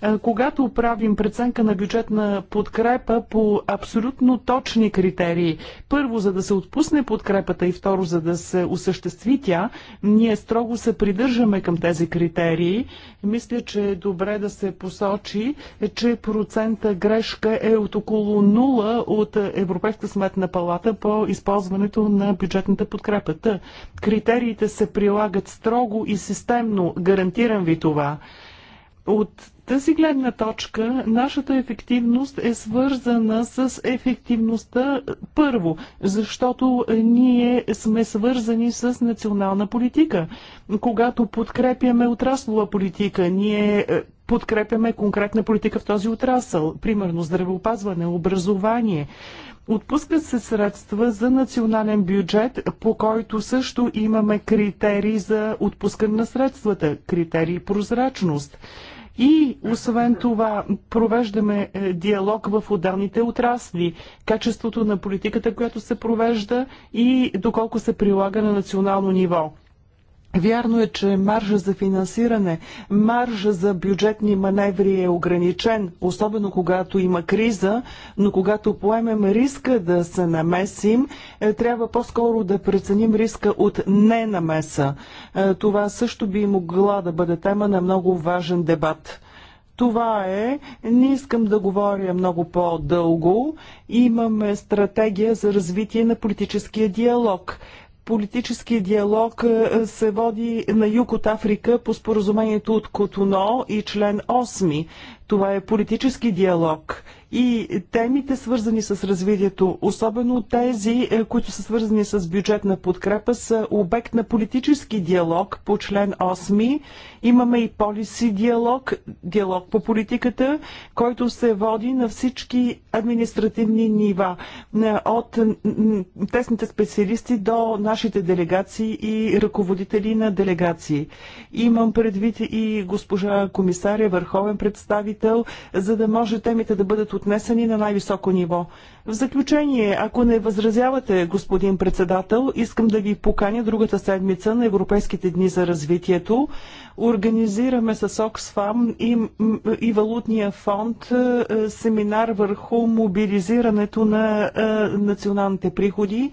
Е, когато правим преценка на бюджетна подкрепа по абсолютно точни критерии, първо, за да се отпусне подкрепата и второ, за да се осъществи тя, ние строго се придържаме към тези критерии. Мисля, че е добре да се посочи, че процента грешка е от около 0 от Европейска сметна палата по използването на бюджетната подкрепата. Критериите се прилагат строго и системно, гарантирам ви това. От тази гледна точка нашата ефективност е свързана с ефективността първо, защото ние сме свързани с национална политика. Когато подкрепяме отраслова политика, ние е, подкрепяме конкретна политика в този отрасъл, примерно здравеопазване, образование. Отпускат се средства за национален бюджет, по който също имаме критерии за отпускане на средствата, критерии прозрачност. И освен това, провеждаме е, диалог в отделните отрасли, качеството на политиката, която се провежда и доколко се прилага на национално ниво. Вярно е, че маржа за финансиране, маржа за бюджетни маневри е ограничен, особено когато има криза, но когато поемем риска да се намесим, е, трябва по-скоро да преценим риска от ненамеса. Е, това също би могла да бъде тема на много важен дебат. Това е. Не искам да говоря много по-дълго. Имаме стратегия за развитие на политическия диалог политически диалог е, е, се води на юг от Африка по споразумението от Котоно и член 8. Това е политически диалог и темите свързани с развитието, особено тези, е, които са свързани с бюджетна подкрепа, са обект на политически диалог по член 8 Имаме и полиси диалог, диалог по политиката, който се води на всички административни нива, от тесните специалисти до нашите делегации и ръководители на делегации. Имам предвид и госпожа комисаря, върховен представител, за да може темите да бъдат отнесени на най-високо ниво. В заключение, ако не възразявате, господин председател, искам да ви поканя другата седмица на Европейските дни за развитието. Организираме с Оксфам и, и Валутния фонд е, семинар върху мобилизирането на е, националните приходи.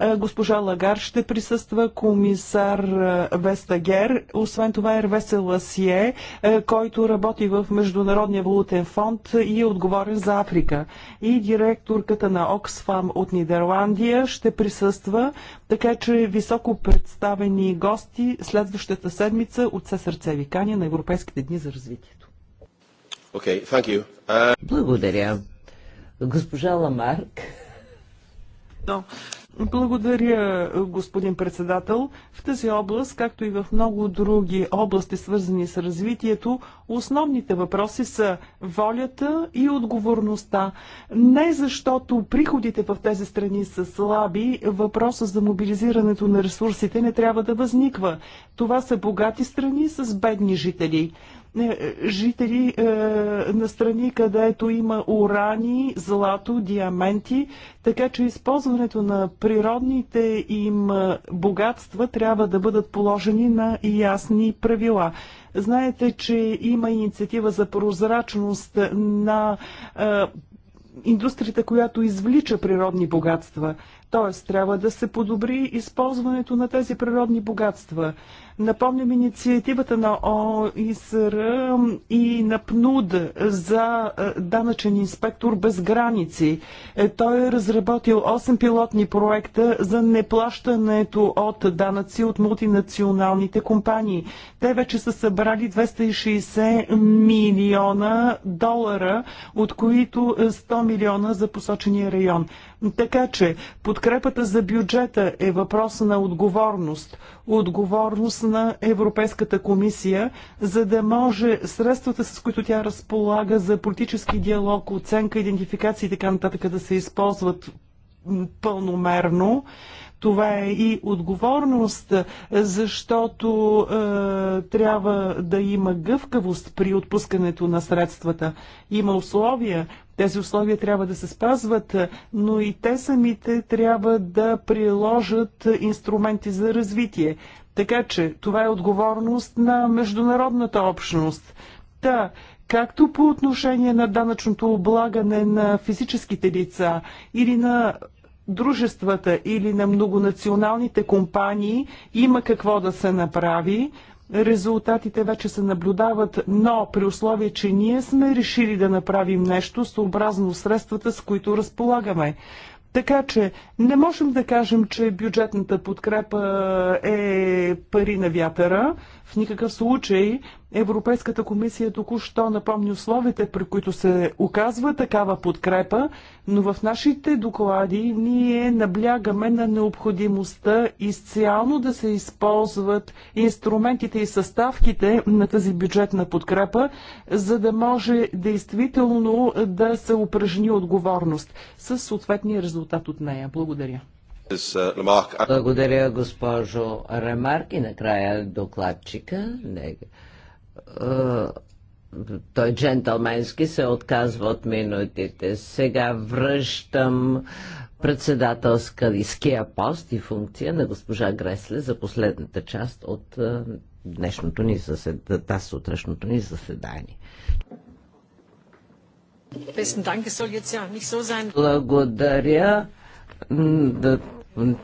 Е, госпожа Лагар ще присъства, комисар е, Вестагер, освен това Ервесе Ласие, е, който работи в Международния валутен фонд и е отговорен за Африка. И директорката на Оксфам от Нидерландия ще присъства, така че високо представени гости следващата седмица от все сърце викания на Европейските дни за развитието. Okay, thank you. Uh... Благодаря. Госпожа Ламарк. No. Благодаря, господин председател. В тази област, както и в много други области, свързани с развитието, основните въпроси са волята и отговорността. Не защото приходите в тези страни са слаби, въпросът за мобилизирането на ресурсите не трябва да възниква. Това са богати страни с бедни жители жители е, на страни, където има урани, злато, диаменти, така че използването на природните им е, богатства трябва да бъдат положени на ясни правила. Знаете, че има инициатива за прозрачност на е, индустрията, която извлича природни богатства – т.е. трябва да се подобри използването на тези природни богатства. Напомням инициативата на ОИСР и на ПНУД за е, данъчен инспектор без граници. Е, той е разработил 8 пилотни проекта за неплащането от данъци от мултинационалните компании. Те вече са събрали 260 милиона долара, от които 100 милиона за посочения район. Така че подкрепата за бюджета е въпрос на отговорност. Отговорност на Европейската комисия, за да може средствата, с които тя разполага за политически диалог, оценка, идентификация и така нататък да се използват пълномерно. Това е и отговорност, защото е, трябва да има гъвкавост при отпускането на средствата. Има условия, тези условия трябва да се спазват, но и те самите трябва да приложат инструменти за развитие. Така че това е отговорност на международната общност. Та, както по отношение на данъчното облагане на физическите лица или на дружествата или на многонационалните компании има какво да се направи. Резултатите вече се наблюдават, но при условие, че ние сме решили да направим нещо съобразно средствата, с които разполагаме. Така че не можем да кажем, че бюджетната подкрепа е пари на вятъра. В никакъв случай Европейската комисия току-що напомни условията, при които се оказва такава подкрепа, но в нашите доклади ние наблягаме на необходимостта изцяло да се използват инструментите и съставките на тази бюджетна подкрепа, за да може действително да се упражни отговорност с съответния резултат от нея. Благодаря. Uh, Благодаря, госпожо Ремарк. И накрая докладчика. Е, той джентълменски се отказва от минутите. Сега връщам председателска лиския пост и функция на госпожа Гресле за последната част от е, днешното ни заседание, тази сутрешното ни заседание. Благодаря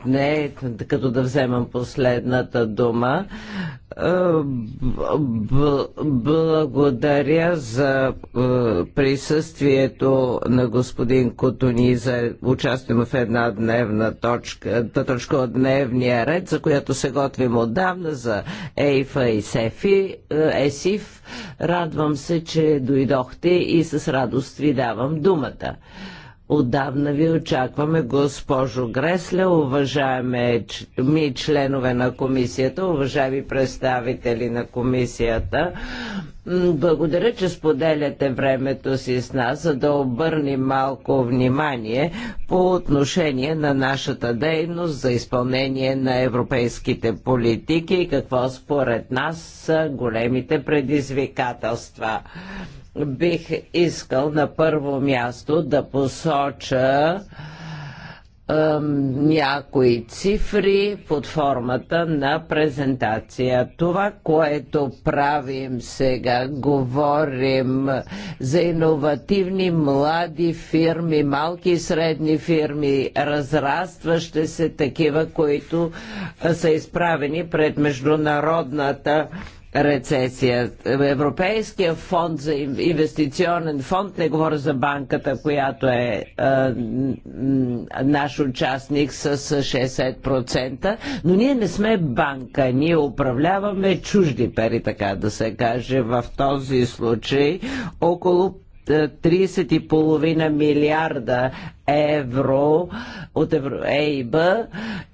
не като да вземам последната дума. Е, благодаря за е, присъствието на господин Котони за участие в една дневна точка, точка от дневния ред, за която се готвим отдавна за Ейфа и Сефи, е, Есиф. Радвам се, че дойдохте и с радост ви давам думата. Отдавна ви очакваме, госпожо Гресле, уважаеми ми членове на комисията, уважаеми представители на комисията. Благодаря, че споделяте времето си с нас, за да обърнем малко внимание по отношение на нашата дейност за изпълнение на европейските политики и какво според нас са големите предизвикателства бих искал на първо място да посоча посоча някои цифри под формата на презентация. Това, което правим сега, говорим за иновативни млади фирми, малки и средни фирми, разрастващи се такива, които са изправени пред международната рецесия. Европейския фонд за инвестиционен фонд, не говоря за банката, която е а, наш участник с 60%, но ние не сме банка, ние управляваме чужди пари, така да се каже. В този случай около 30,5 милиарда евро от евро, ЕИБ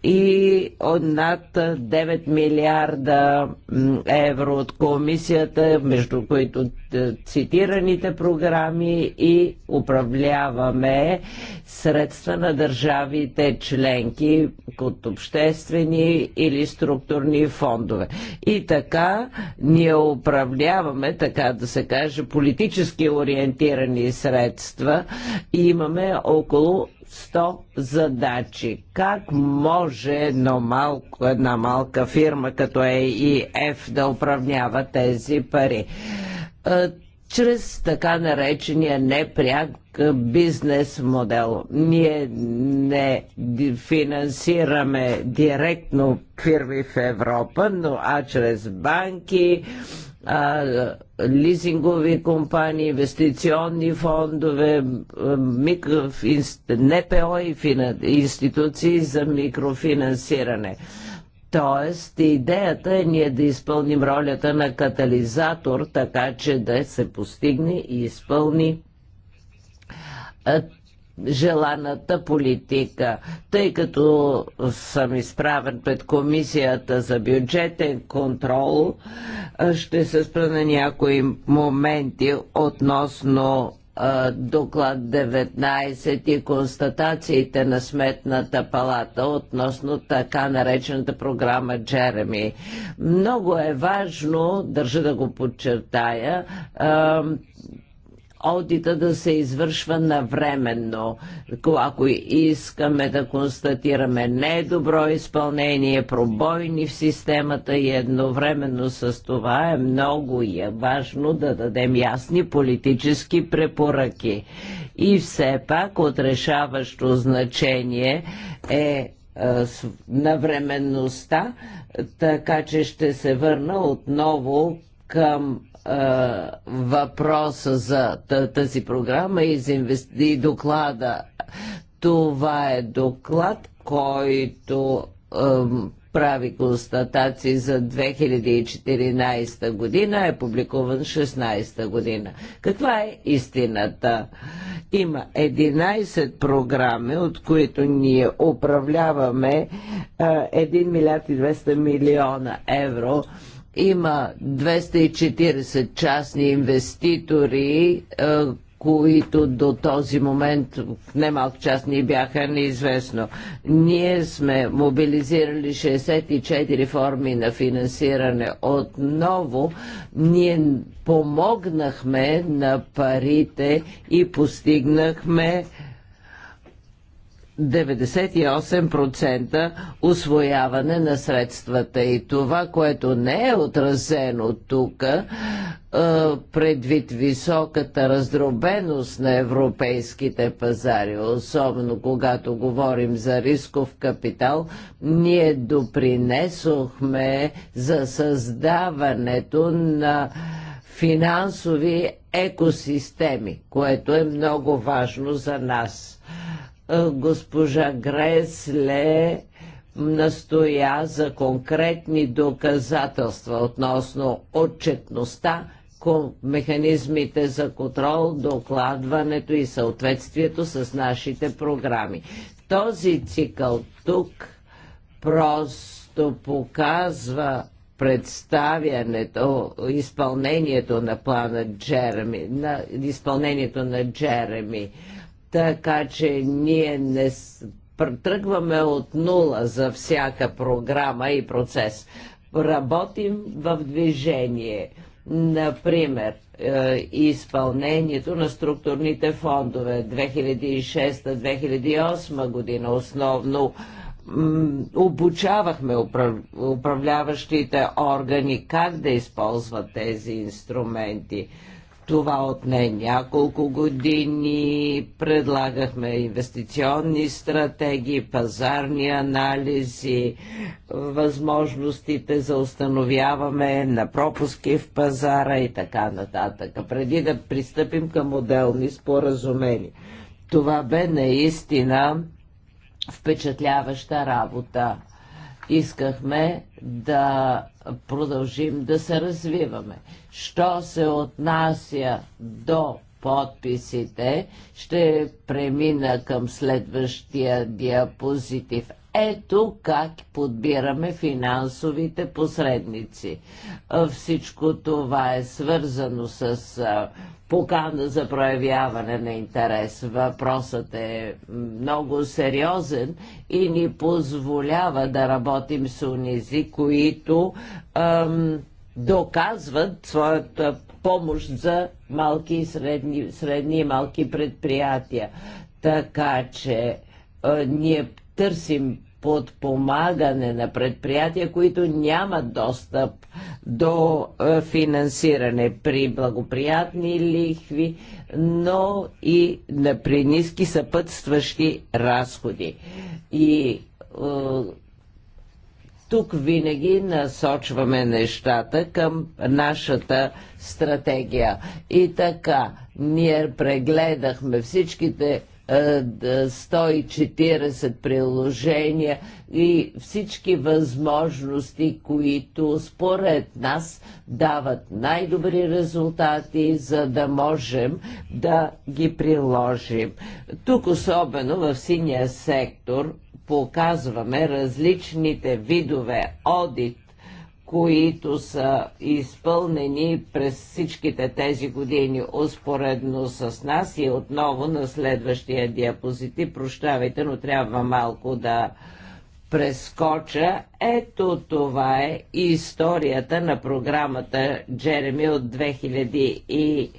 и от над 9 милиарда евро от комисията, между които е, цитираните програми и управляваме средства на държавите членки от обществени или структурни фондове. И така ние управляваме, така да се каже, политически ориентирани средства и имаме около около 100 задачи. Как може едно малко, една малка фирма като EIF да управлява тези пари? чрез така наречения непряк бизнес модел. Ние не финансираме директно фирми в Европа, но а чрез банки, а, лизингови компании, инвестиционни фондове, НПО и фина, институции за микрофинансиране. Тоест, идеята е ние да изпълним ролята на катализатор, така че да се постигне и изпълни желаната политика. Тъй като съм изправен пред комисията за бюджетен контрол, ще се спра на някои моменти относно доклад 19 и констатациите на Сметната палата относно така наречената програма Джереми. Много е важно, държа да го подчертая, одита да се извършва навременно. Ако искаме да констатираме недобро изпълнение, пробойни в системата и едновременно с това е много и е важно да дадем ясни политически препоръки. И все пак от решаващо значение е, е на временността, така че ще се върна отново към е, въпроса за тази програма и, за инвести... и доклада. Това е доклад, който прави констатации за 2014 година, е публикуван 16 година. Каква е истината? Има 11 програми, от които ние управляваме 1 е, милиард и 200 милиона евро. Има 240 частни инвеститори, е, които до този момент в немалко част ни бяха неизвестно. Ние сме мобилизирали 64 форми на финансиране. Отново ние помогнахме на парите и постигнахме 98% освояване на средствата. И това, което не е отразено тук, предвид високата раздробеност на европейските пазари, особено когато говорим за рисков капитал, ние допринесохме за създаването на финансови екосистеми, което е много важно за нас. Госпожа Гресле настоя за конкретни доказателства относно отчетността, механизмите за контрол, докладването и съответствието с нашите програми. Този цикъл тук просто показва представянето, изпълнението на плана Джереми, на изпълнението на Джереми така че ние не тръгваме от нула за всяка програма и процес. Работим в движение. Например, е, изпълнението на структурните фондове 2006-2008 година основно обучавахме управляващите органи как да използват тези инструменти. Това отне няколко години. Предлагахме инвестиционни стратегии, пазарни анализи, възможностите за установяване на пропуски в пазара и така нататък. Преди да пристъпим към отделни споразумения. Това бе наистина впечатляваща работа искахме да продължим да се развиваме. Що се отнася до подписите, ще премина към следващия диапозитив. Ето как подбираме финансовите посредници. Всичко това е свързано с покана за проявяване на интерес. Въпросът е много сериозен и ни позволява да работим с унизи, които ам, доказват своята помощ за малки и средни, средни и малки предприятия. Така че ние търсим подпомагане на предприятия, които нямат достъп до е, финансиране при благоприятни лихви, но и на при ниски съпътстващи разходи. И е, тук винаги насочваме нещата към нашата стратегия. И така, ние прегледахме всичките 140 е, приложения и всички възможности, които според нас дават най-добри резултати, за да можем да ги приложим. Тук особено в синия сектор показваме различните видове одит, които са изпълнени през всичките тези години успоредно с нас и отново на следващия диапозитив. Прощавайте, но трябва малко да прескоча. Ето това е историята на програмата Джереми от 2010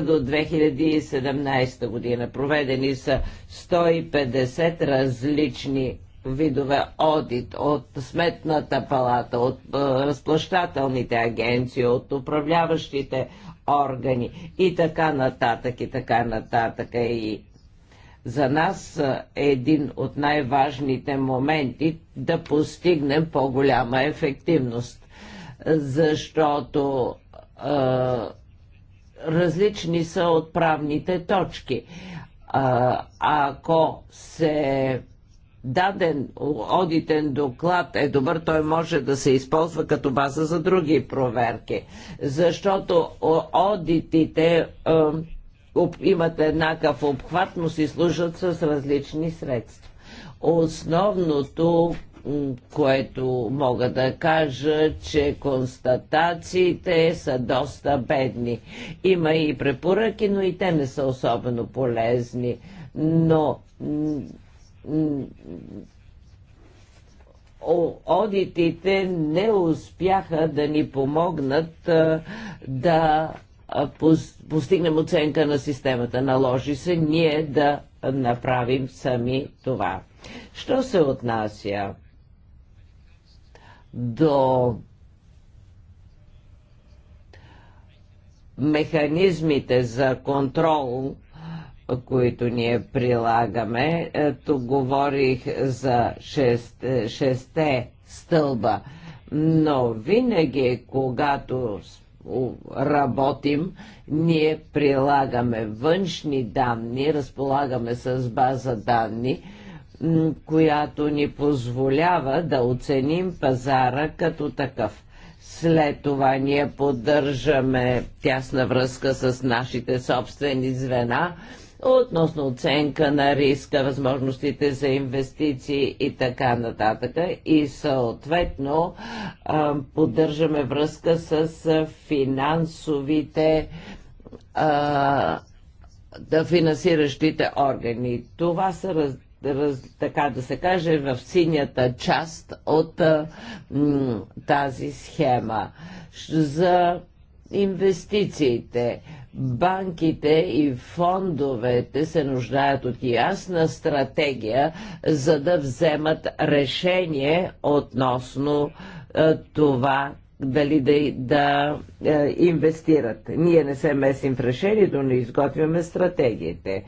до 2017 година. Проведени са 150 различни видове одит от Сметната палата, от е, разплащателните агенции, от управляващите органи и така нататък и така нататък. И за нас е един от най-важните моменти да постигнем по-голяма ефективност, защото е, различни са отправните точки. Е, ако се даден одитен доклад е добър, той може да се използва като база за други проверки, защото одитите е, имат еднакъв но и служат с различни средства. Основното, което мога да кажа, че констатациите са доста бедни. Има и препоръки, но и те не са особено полезни. Но одитите не успяха да ни помогнат да постигнем оценка на системата. Наложи се ние да направим сами това. Що се отнася до механизмите за контрол които ние прилагаме. Е, тук говорих за шест, е, шесте стълба, но винаги, когато работим, ние прилагаме външни данни, разполагаме с база данни, която ни позволява да оценим пазара като такъв. След това ние поддържаме тясна връзка с нашите собствени звена, относно оценка на риска, възможностите за инвестиции и така нататък. И съответно поддържаме връзка с финансовите да финансиращите органи. Това са раз, раз, така да се каже в синята част от м, тази схема. За инвестициите банките и фондовете се нуждаят от ясна стратегия, за да вземат решение относно е, това дали да, да е, инвестират. Ние не се месим в решението, не изготвяме стратегиите.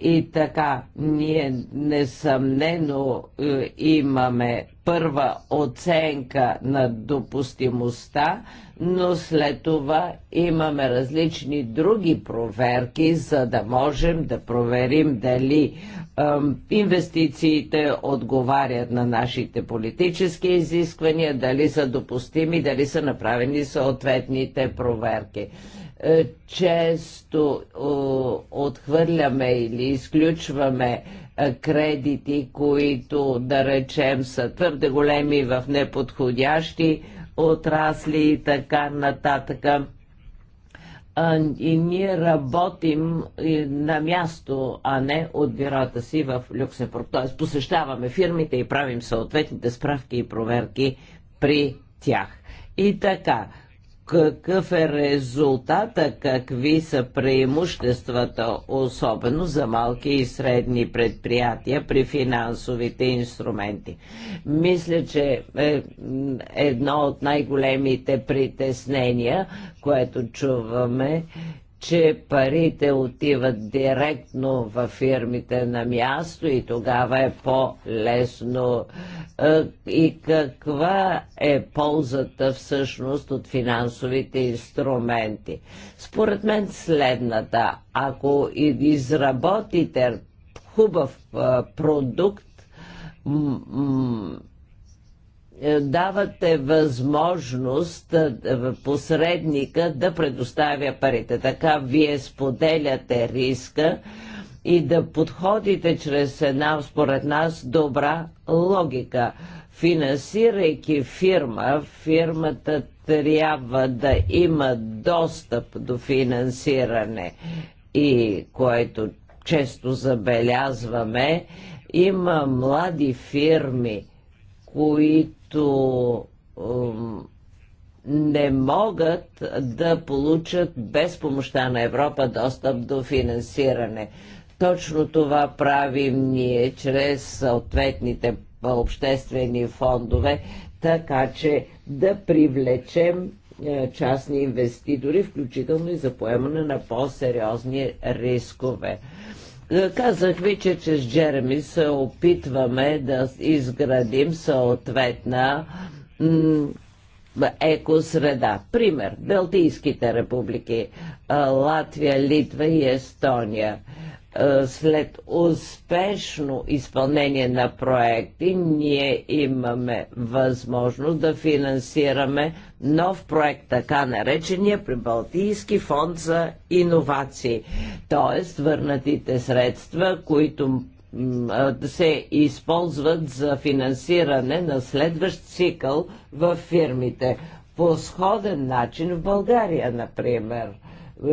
И така, ние несъмнено е, имаме първа оценка на допустимостта, но след това имаме различни други проверки, за да можем да проверим дали инвестициите отговарят на нашите политически изисквания, дали са допустими, дали са направени съответните проверки. Е, често отхвърляме или изключваме е, кредити, които да речем са твърде големи в неподходящи отрасли и така нататък. Е, и ние работим на място, а не от бюрата си в Люксембург. Т.е. посещаваме фирмите и правим съответните справки и проверки при тях. И така, какъв е резултата, какви са преимуществата, особено за малки и средни предприятия при финансовите инструменти. Мисля, че е едно от най-големите притеснения, което чуваме, че парите отиват директно във фирмите на място и тогава е по-лесно. Е, и каква е ползата всъщност от финансовите инструменти? Според мен следната. Ако изработите хубав е, продукт, е, давате възможност е, е, посредника да предоставя парите. Така вие споделяте риска и да подходите чрез една, според нас, добра логика. Финансирайки фирма, фирмата трябва да има достъп до финансиране и което често забелязваме, има млади фирми, които които не могат да получат без помощта на Европа достъп до финансиране. Точно това правим ние чрез съответните обществени фондове, така че да привлечем е, частни инвеститори, включително и за поемане на по-сериозни рискове. Е, казах ви, че чрез Джереми се опитваме да изградим съответна екосреда. Пример, Балтийските републики, е, Латвия, Литва и Естония. Е, след успешно изпълнение на проекти, ние имаме възможност да финансираме нов проект, така наречения Прибалтийски фонд за иновации. Тоест, върнатите средства, които се използват за финансиране на следващ цикъл в фирмите. По сходен начин в България, например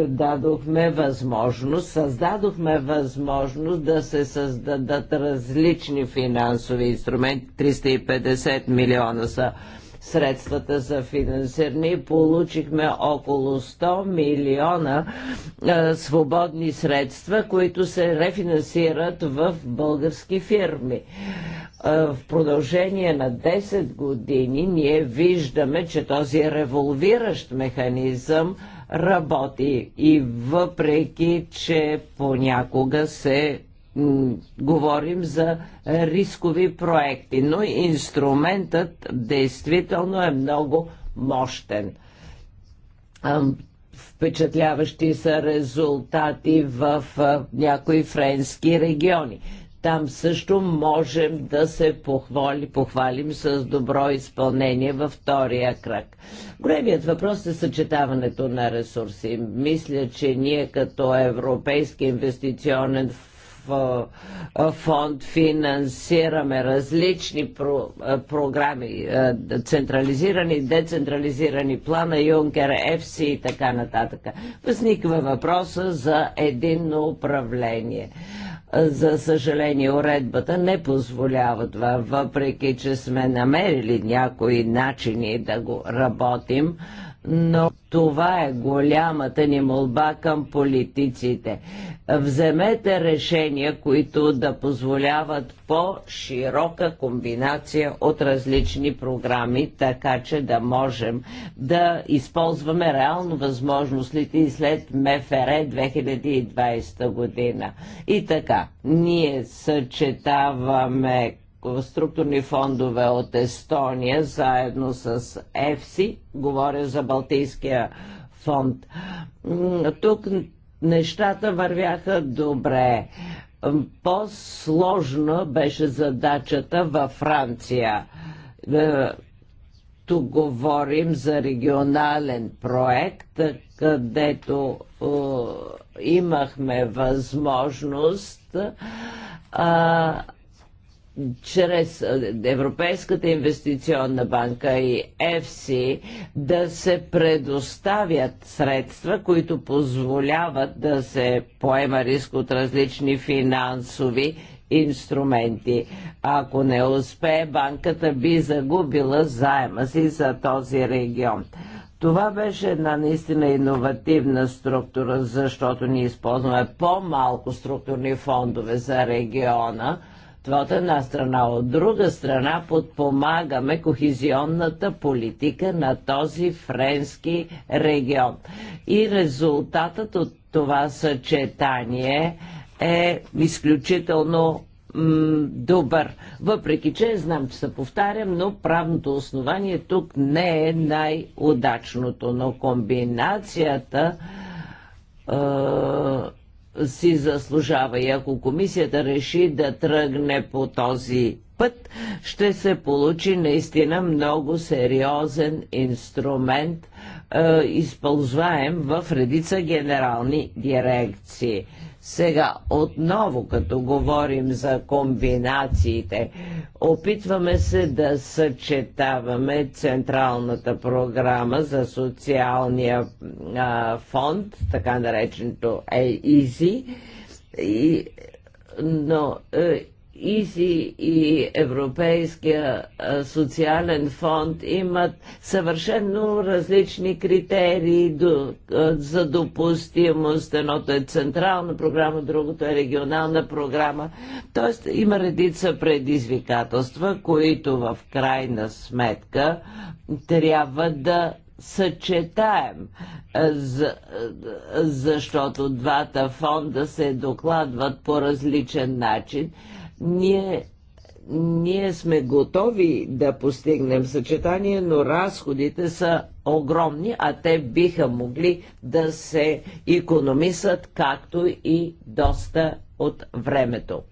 дадохме възможност, създадохме възможност да се създадат различни финансови инструменти. 350 милиона са средствата за финансиране. Получихме около 100 милиона свободни средства, които се рефинансират в български фирми. в продължение на 10 години ние виждаме, че този револвиращ механизъм работи и въпреки, че понякога се говорим за рискови проекти, но инструментът действително е много мощен. Впечатляващи са резултати в някои френски региони. Там също можем да се похвали, похвалим с добро изпълнение във втория кръг. Големият въпрос е съчетаването на ресурси. Мисля, че ние като Европейски инвестиционен фонд фонд финансираме различни про, програми, централизирани, децентрализирани, плана Юнкер, ФС и така нататък. Възниква въпроса за единно управление. За съжаление, уредбата не позволява това, въпреки че сме намерили някои начини да го работим но това е голямата ни молба към политиците. Вземете решения, които да позволяват по-широка комбинация от различни програми, така че да можем да използваме реално възможностите и след МФР 2020 година. И така, ние съчетаваме структурни фондове от Естония, заедно с ЕФСИ, говоря за Балтийския фонд. Тук нещата вървяха добре. По-сложна беше задачата във Франция. Е, тук говорим за регионален проект, където е, имахме възможност чрез Европейската инвестиционна банка и ЕФСИ да се предоставят средства, които позволяват да се поема риск от различни финансови инструменти. Ако не успее, банката би загубила заема си за този регион. Това беше една наистина иновативна структура, защото ние използваме по-малко структурни фондове за региона – това от една страна. От друга страна подпомагаме кохизионната политика на този френски регион. И резултатът от това съчетание е изключително добър. Въпреки, че знам, че се повтарям, но правното основание тук не е най-удачното, но комбинацията е си заслужава. И ако комисията реши да тръгне по този път, ще се получи наистина много сериозен инструмент, е, използваем в редица генерални дирекции. Сега отново, като говорим за комбинациите, опитваме се да съчетаваме централната програма за социалния а, фонд, така нареченото AEZ, и, но е, ИСИ и Европейския социален фонд имат съвършенно различни критерии за допустимост. Едното е централна програма, другото е регионална програма. Тоест има редица предизвикателства, които в крайна сметка трябва да съчетаем, защото двата фонда се докладват по различен начин ние ние сме готови да постигнем съчетание, но разходите са огромни, а те биха могли да се економисат, както и доста от времето.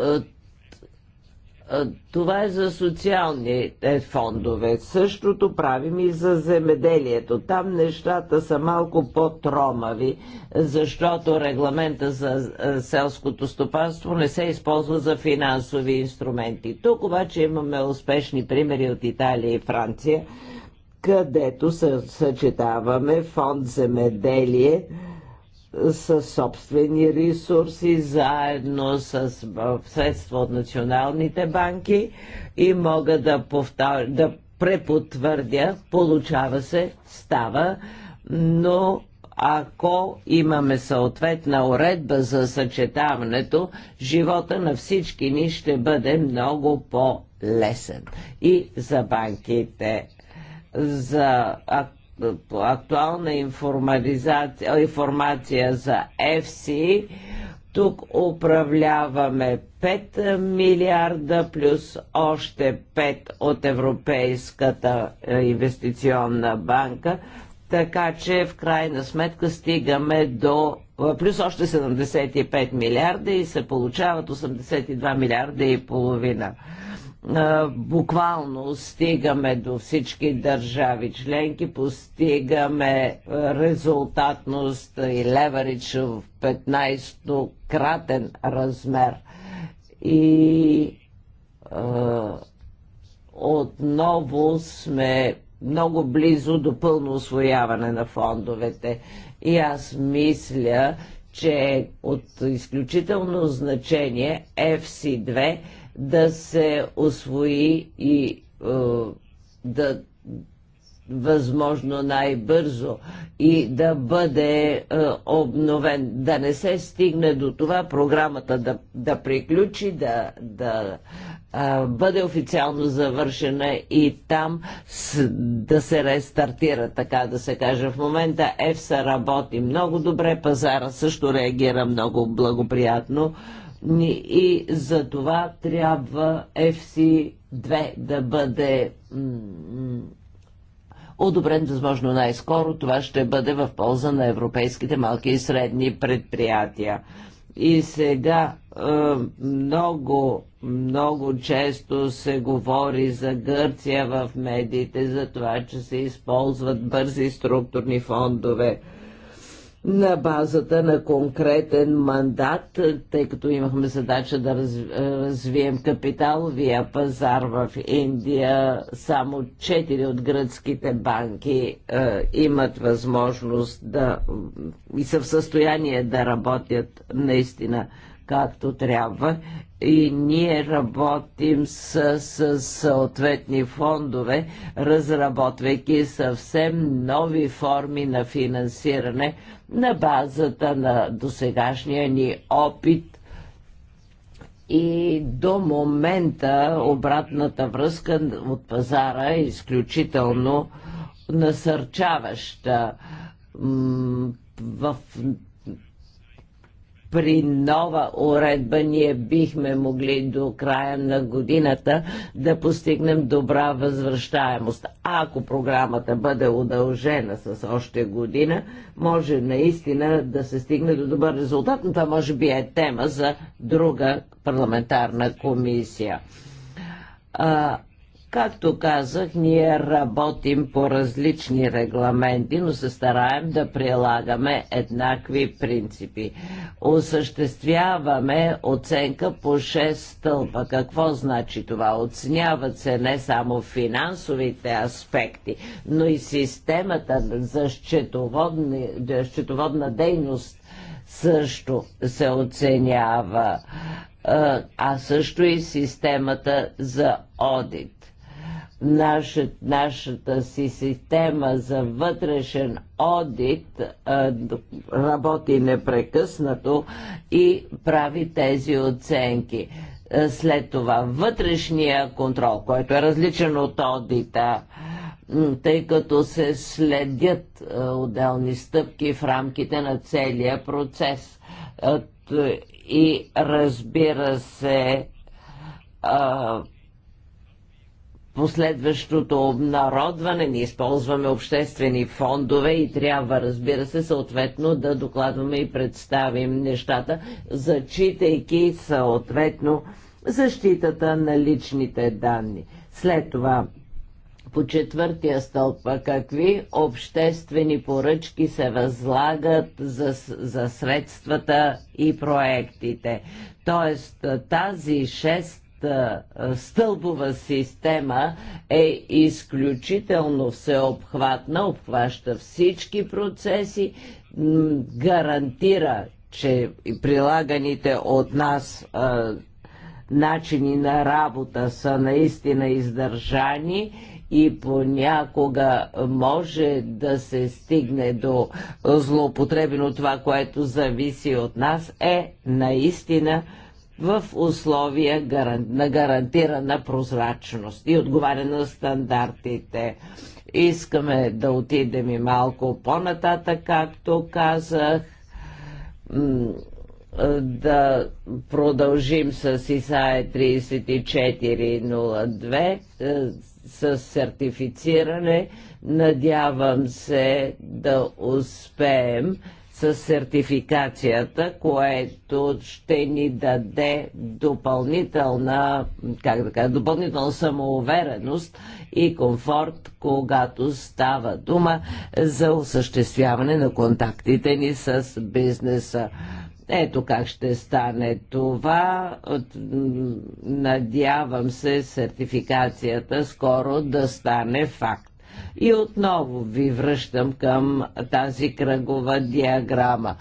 Е, това е за социалните фондове. Същото правим и за земеделието. Там нещата са малко по-тромави, защото регламента за е, селското стопанство не се използва за финансови инструменти. Тук обаче имаме успешни примери от Италия и Франция, където съчетаваме фонд земеделие със собствени ресурси, заедно с средства от националните банки и мога да, повтор... да препотвърдя, получава се, става, но ако имаме съответна уредба за съчетаването, живота на всички ни ще бъде много по-лесен. И за банките, за, ако актуална информация за FC. тук управляваме 5 милиарда плюс още 5 от Европейската е, инвестиционна банка, така че в крайна сметка стигаме до е, плюс още 75 милиарда и се получават 82 милиарда и половина буквално стигаме до всички държави членки, постигаме резултатност и леверидж в 15-кратен размер. И отново сме много близо до пълно освояване на фондовете. И аз мисля, че от изключително значение FC2 да се освои и е, да възможно най-бързо и да бъде е, обновен, да не се стигне до това програмата да, да приключи, да, да е, бъде официално завършена и там с, да се рестартира, така да се каже. В момента ЕФСА работи много добре, пазара също реагира много благоприятно. Е, ни и за това трябва FC2 да бъде одобрен възможно най-скоро. Това ще бъде в полза на европейските малки и средни предприятия. И сега е, много, много често се говори за Гърция в медиите, за това, че се използват бързи структурни фондове на базата на конкретен мандат, тъй като имахме задача да е, развием капиталовия пазар в Индия. Само 4 от гръцките банки е, имат възможност да и са в състояние да работят наистина както трябва и ние работим с, с съответни фондове, разработвайки съвсем нови форми на финансиране на базата на досегашния ни опит и до момента обратната връзка от пазара е изключително насърчаваща. В при нова уредба ние бихме могли до края на годината да постигнем добра възвръщаемост. А ако програмата бъде удължена с още година, може наистина да се стигне до добър резултат, но това може би е тема за друга парламентарна комисия. Както казах, ние работим по различни регламенти, но се стараем да прилагаме еднакви принципи. Осъществяваме оценка по 6 стълба. Какво значи това? Оценяват се не само финансовите аспекти, но и системата за счетоводна дейност също се оценява, а също и системата за одит нашата, нашата си система за вътрешен одит работи непрекъснато и прави тези оценки. След това вътрешния контрол, който е различен от одита, тъй като се следят отделни стъпки в рамките на целия процес. И разбира се, последващото обнародване. Ние използваме обществени фондове и трябва, разбира се, съответно да докладваме и представим нещата, зачитайки съответно защитата на личните данни. След това по четвъртия стълб какви обществени поръчки се възлагат за, за средствата и проектите. Тоест тази шест стълбова система е изключително всеобхватна, обхваща всички процеси, гарантира, че прилаганите от нас а, начини на работа са наистина издържани и понякога може да се стигне до злоупотребено това, което зависи от нас е наистина в условия на гарантирана прозрачност и отговаря на стандартите. Искаме да отидем и малко по-нататък, както казах, да продължим с ИСАЕ 3402 с сертифициране. Надявам се да успеем с сертификацията, което ще ни даде допълнителна, как да кажа, допълнителна самоувереност и комфорт, когато става дума за осъществяване на контактите ни с бизнеса. Ето как ще стане това. Надявам се сертификацията скоро да стане факт. И отново ви връщам към тази кръгова диаграма.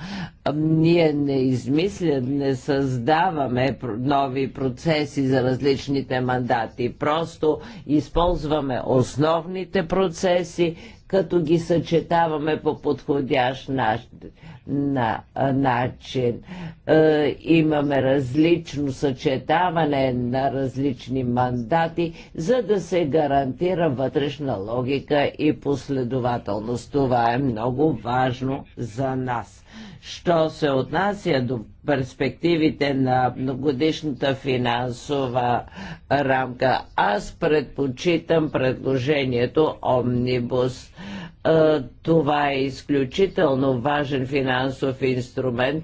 Ние не измислят, не създаваме нови процеси за различните мандати. Просто използваме основните процеси, като ги съчетаваме по подходящ начин на начин. Имаме различно съчетаване на различни мандати, за да се гарантира вътрешна логика и последователност. Това е много важно за нас. Що се отнася до перспективите на многодишната финансова рамка, аз предпочитам предложението Омнибус това е изключително важен финансов инструмент.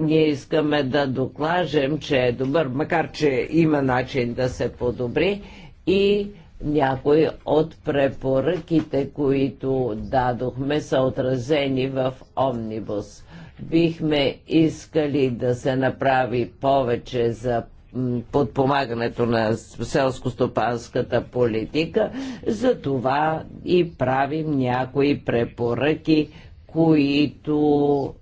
Ние искаме да доклажем, че е добър, макар че има начин да се подобри и някои от препоръките, които дадохме, са отразени в Омнибус. Бихме искали да се направи повече за подпомагането на селско-стопанската политика. За това и правим някои препоръки, които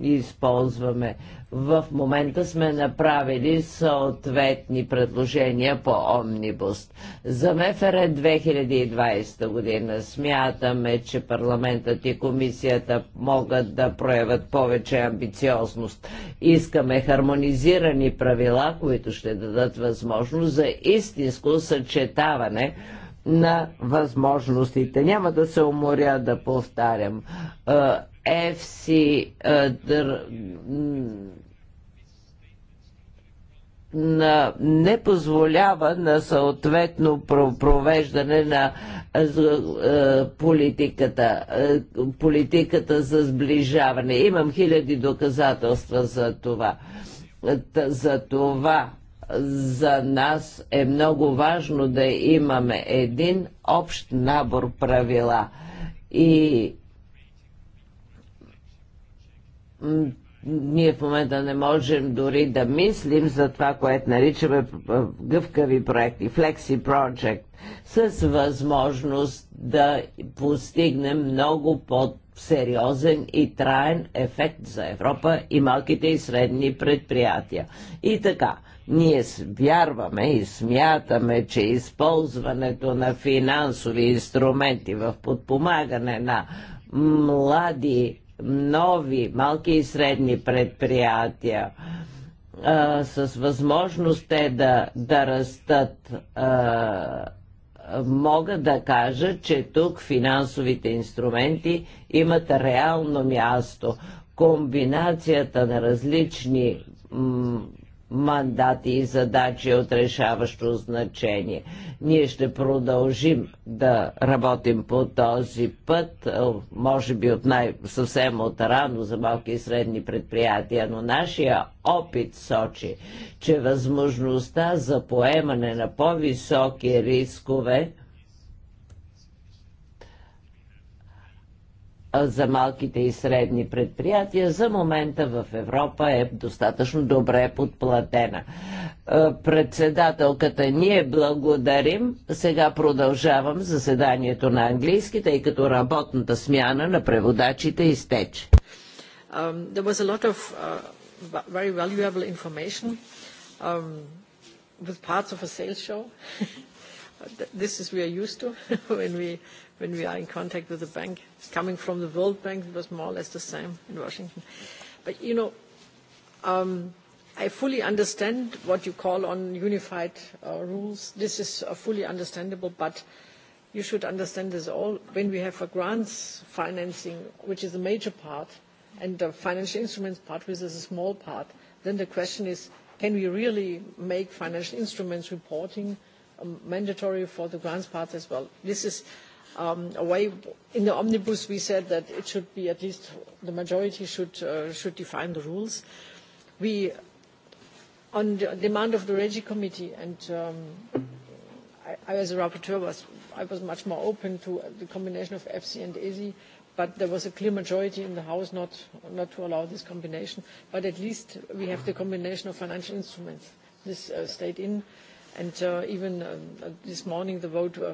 използваме. В момента сме направили съответни предложения по Омнибус. За МФР 2020 е година смятаме, че парламентът и комисията могат да проявят повече амбициозност. Искаме хармонизирани правила, които ще дадат възможност за истинско съчетаване на възможностите. Няма да се уморя да повтарям ЕФСИ е, на, не позволява на съответно провеждане на е, е, политиката, политиката за сближаване. Имам хиляди доказателства за това. За това за нас е много важно да имаме един общ набор правила. И ние в момента не можем дори да мислим за това, което наричаме гъвкави проекти, Flexi Project, с възможност да постигнем много по-сериозен и траен ефект за Европа и малките и средни предприятия. И така, ние вярваме и смятаме, че използването на финансови инструменти в подпомагане на млади нови малки и средни предприятия а, с възможност те да, да растат. А, мога да кажа, че тук финансовите инструменти имат реално място. Комбинацията на различни мандати и задачи от решаващо значение. Ние ще продължим да работим по този път, е, може би от най- съвсем от рано за малки и средни предприятия, но нашия опит сочи, че възможността за поемане на по-високи рискове за малките и средни предприятия за момента в Европа е достатъчно добре подплатена. Председателката ние благодарим. Сега продължавам заседанието на английски, тъй като работната смяна на преводачите изтече. Um, there was a lot of uh, very valuable information um, with parts of a sales show. This is we are used to when we when we are in contact with the bank. Coming from the World Bank, it was more or less the same in Washington. But, you know, um, I fully understand what you call on unified uh, rules. This is uh, fully understandable, but you should understand this all. When we have a grants financing, which is a major part, and the financial instruments part, which is a small part, then the question is, can we really make financial instruments reporting mandatory for the grants part as well? This is away. In the omnibus, we said that it should be at least the majority should uh, should define the rules. We, on the demand of the Regi committee, and um, I, I as a rapporteur was I was much more open to the combination of EFSI and ESI, but there was a clear majority in the House not not to allow this combination. But at least we have the combination of financial instruments. This uh, stayed in. And uh, even uh, this morning, the vote uh,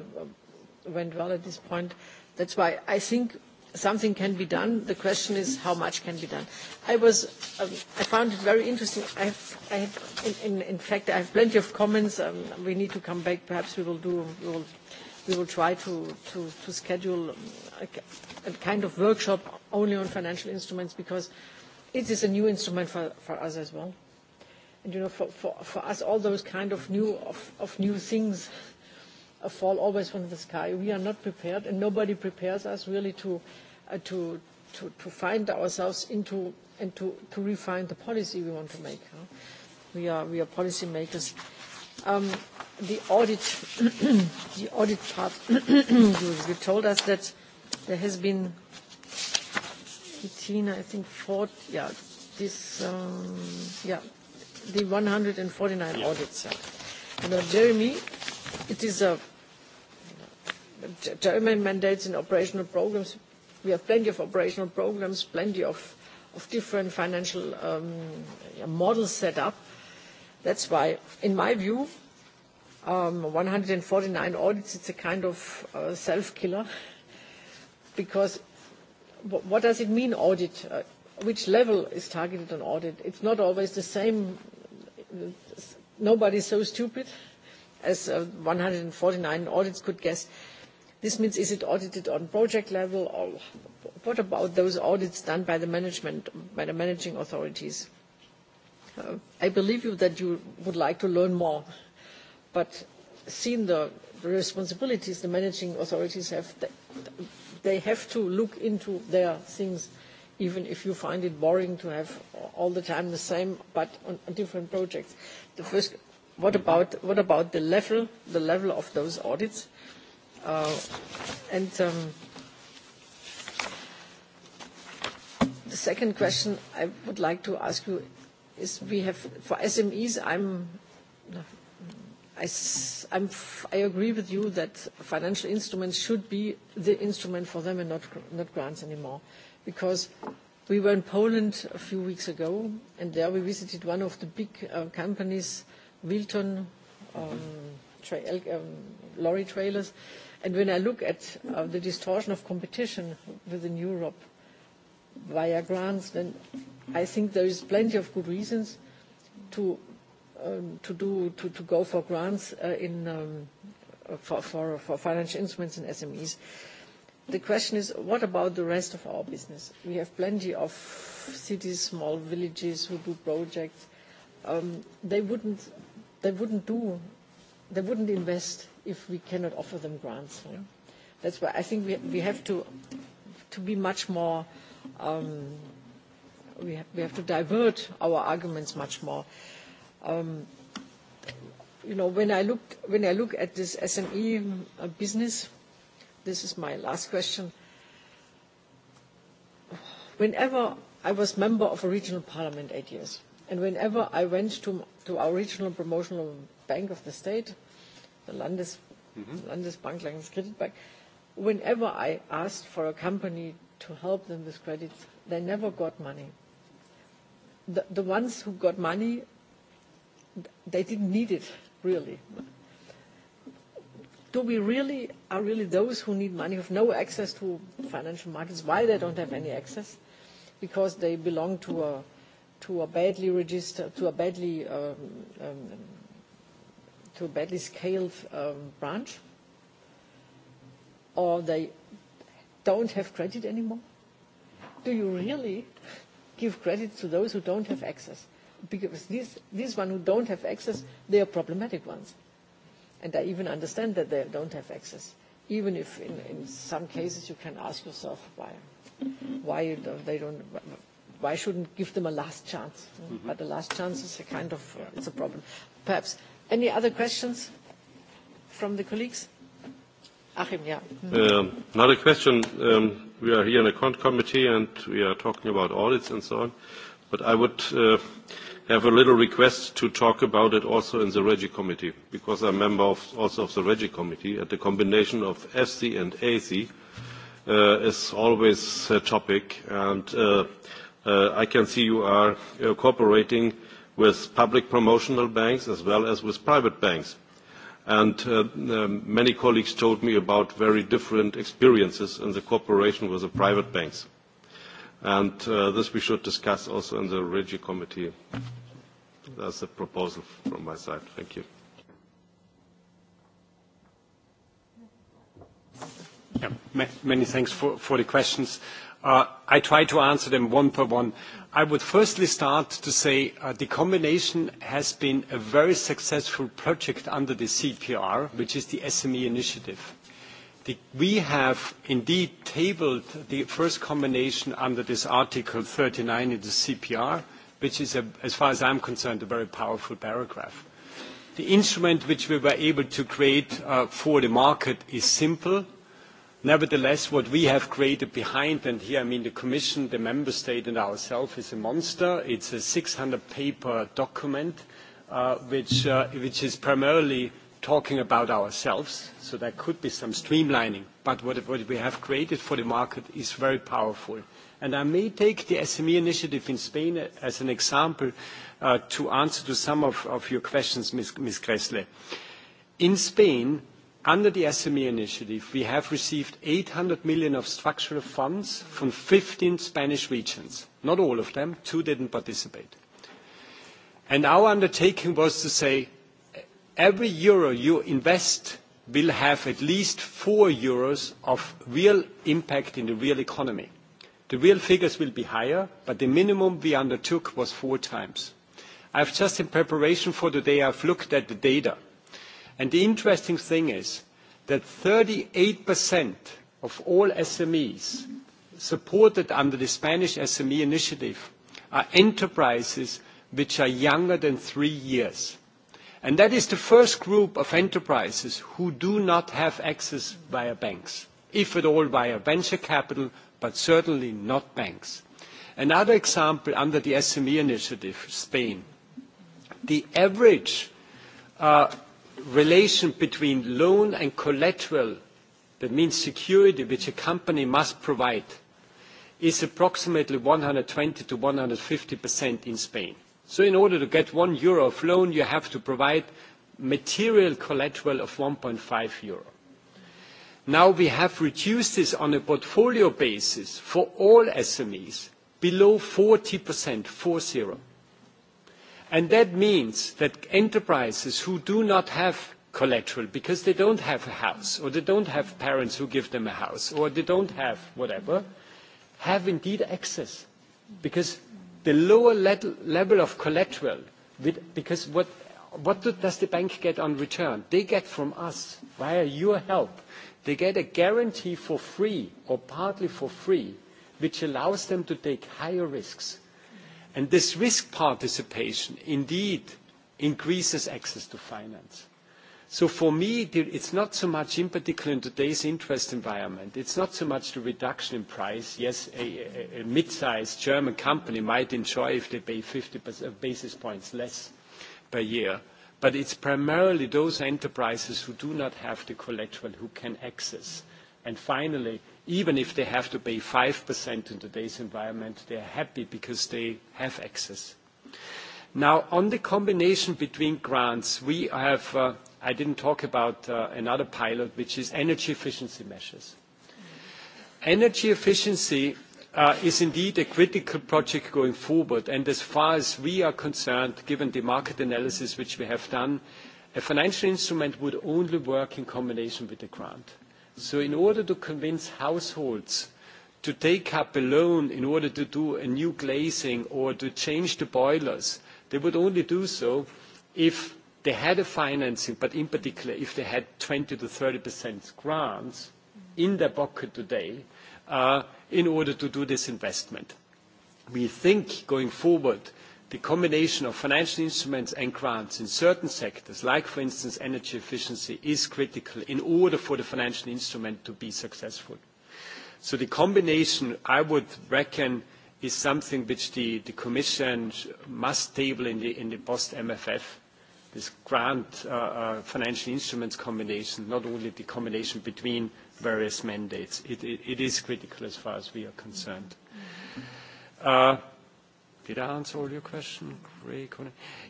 went well at this point. That's why I think something can be done. The question is how much can be done. I was, um, I found it very interesting. I have, I have in, in, in fact, I have plenty of comments. Um, we need to come back. Perhaps we will do, we will, we will try to, to, to schedule a, a kind of workshop only on financial instruments because it is a new instrument for, for us as well. And you know, for, for, for us, all those kind of new, of, of new things fall always from the sky. We are not prepared, and nobody prepares us really to uh to to, to find ourselves into and to, to refine the policy we want to make. Huh? We are we are policy makers. Um, the audit the audit part you, you told us that there has been 18 I think 40 yeah this um, yeah the 149 audits. Yeah. And Jeremy, it is a German mandates and operational programs. We have plenty of operational programs, plenty of of different financial models set up. That's why, in my view, 149 audits, it's a kind of self-killer because what does it mean, audit? Which level is targeted on audit? It's not always the same. Nobody's so stupid as uh 149 audits could guess. This means, is it audited on project level, or what about those audits done by the management, by the managing authorities? I believe you that you would like to learn more, but seeing the responsibilities the managing authorities have, they have to look into their things, even if you find it boring to have all the time the same, but on different projects. The first, what about what about the level, the level of those audits? And the second question I would like to ask you is we have for SMEs, I'm I agree with you that financial instruments should be the instrument for them and not grants anymore. Because we were in Poland a few weeks ago, and there we visited one of the big companies, Wilton lorry trailers, And when I look at uh, the distortion of competition within Europe via grants, then I think there is plenty of good reasons to um, to do to, to go for grants uh, in um, for, for for financial instruments and SMEs. The question is, what about the rest of our business? We have plenty of cities, small villages who do projects. Um, they wouldn't they wouldn't do they wouldn't invest if we cannot offer them grants. Yeah. That's why I think we, we have to, to be much more, um, we, have, we have to divert our arguments much more. Um, you know, when I, look, when I look at this SME business, this is my last question. Whenever I was member of a regional parliament eight years, and whenever I went to, to our regional promotional Bank of the State, the Landes, mm-hmm. Landesbank, Landeskreditbank, whenever I asked for a company to help them with credits, they never got money. The, the ones who got money, they didn't need it, really. Do we really, are really those who need money, who have no access to financial markets, why they don't have any access? Because they belong to a, to a badly registered, to a badly um, um, to a badly scaled um, branch, or they don't have credit anymore? Do you really give credit to those who don't have access? Because these, these ones who don't have access, they are problematic ones. And I even understand that they don't have access, even if in, in some cases you can ask yourself why, why you don't, they don't, why shouldn't give them a last chance? But the last chance is a kind of, it's a problem. Perhaps Any other questions from the colleagues? Achim, yeah. Another question. We are here in a Cont committee, and we are talking about audits and so on, but I would have a little request to talk about it also in the Regi committee, because I'm a member of, also of the Regi committee, and the combination of FC and AC is always a topic, and I can see you are cooperating with public promotional banks as well as with private banks. And many colleagues told me about very different experiences in the cooperation with the private banks. And this we should discuss also in the REGI committee. That's a proposal from my side. Thank you. Many thanks for the questions. I try to answer them one by one. I would firstly start to say the combination has been a very successful project under the CPR, which is the SME initiative. We have indeed tabled the first combination under this Article 39 in the CPR, which is, as far as I'm concerned, a very powerful paragraph. The instrument which we were able to create for the market is simple Nevertheless, what we have created behind, and here I mean the Commission, the Member State, and ourselves, is a monster. It's a 600-paper document, which is primarily talking about ourselves, so there could be some streamlining. But what we have created for the market is very powerful. And I may take the SME initiative in Spain as an example to answer to some of your questions, Ms. Gräßle. In Spain, Under the SME initiative, we have received 800 million of structural funds from 15 Spanish regions. Not all of them, two didn't participate. Our undertaking was to say, every euro you invest will have at least 4 euros of real impact in the real economy. The real figures will be higher, but the minimum we undertook was four times. I've just in preparation for today, I've looked at the data. And the interesting thing is that 38% of all SMEs supported under the Spanish SME initiative are enterprises which are younger than three years. And that is the first group of enterprises who do not have access via banks, if at all via venture capital, but certainly not banks. Another example under the SME initiative, Spain. The average relation between loan and collateral, that means security which a company must provide, is approximately one hundred twenty to one hundred 150% in Spain. So in order to get one euro of loan, you have to provide material collateral of one five euro. Now we have reduced this on a portfolio basis for all SMEs below 40%, four zero. And that means that enterprises who do not have collateral because they don't have a house or they don't have parents who give them a house or they don't have whatever, have indeed access because the lower level of collateral, because what what does the bank get on return? They get from us, via your help, they get a guarantee for free or partly for free, which allows them to take higher risks. And this risk participation indeed increases access to finance. So for me, it's not so much, in particular in today's interest environment, it's not so much the reduction in price. Yes, a mid-sized German company might enjoy if they pay 50 basis points less per year, but it's primarily those enterprises who do not have the collateral who can access. And finally, even if they have to pay 5% in today's environment, they are happy because they have access. Now, on the combination between grants, we have, I didn't talk about another pilot, which is energy efficiency measures. Energy efficiency is indeed a critical project going forward, and as far as we are concerned, given the market analysis which we have done, a financial instrument would only work in combination with a grant So in order to convince households to take up a loan in order to do a new glazing or to change the boilers, they would only do so if they had a financing, but in particular if they had 20 to 30% grants in their pocket today in order to do this investment. We think going forward the combination of financial instruments and grants in certain sectors, like for instance energy efficiency, is critical in order for the financial instrument to be successful. So the combination, I would reckon, is something which the, the Commission must table in the, in the post-MFF, this grant uh, uh, financial instruments combination, not only the combination between various mandates. It, it, it is critical as far as we are concerned. Uh, Did I answer all your question?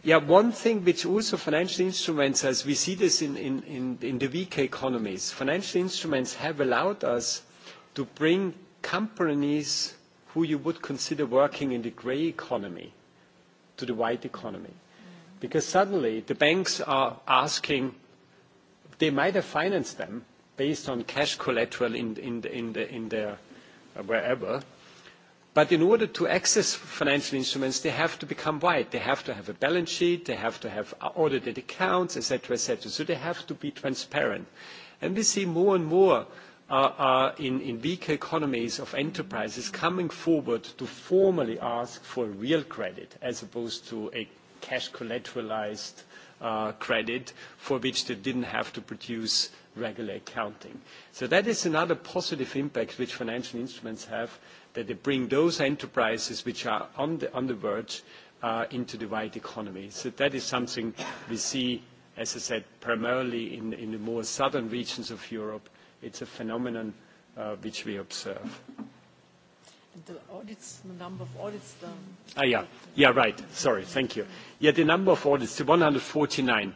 Yeah, one thing which also financial instruments, as we see this in the weak economies, financial instruments have allowed us to bring companies who you would consider working in the gray economy to the white economy. Because suddenly the banks are asking, they might have financed them based on cash collateral in their wherever, But in order to access financial instruments, they have to become white, They have to have a balance sheet. They have to have audited accounts, etc., etc. So they have to be transparent. And we see more and more in weaker economies of enterprises coming forward to formally ask for real credit as opposed to a cash collateralized credit for which they didn't have to produce regular accounting. So that is another positive impact which financial instruments have that they bring those enterprises which are on the, on the verge uh, into the white economy. So that is something we see, as I said, primarily in, in the more southern regions of Europe. It's a phenomenon uh, which we observe. The audits, the number of audits. The ah, yeah. Yeah, right. Sorry. Thank you. Yeah, the number of audits, the 149.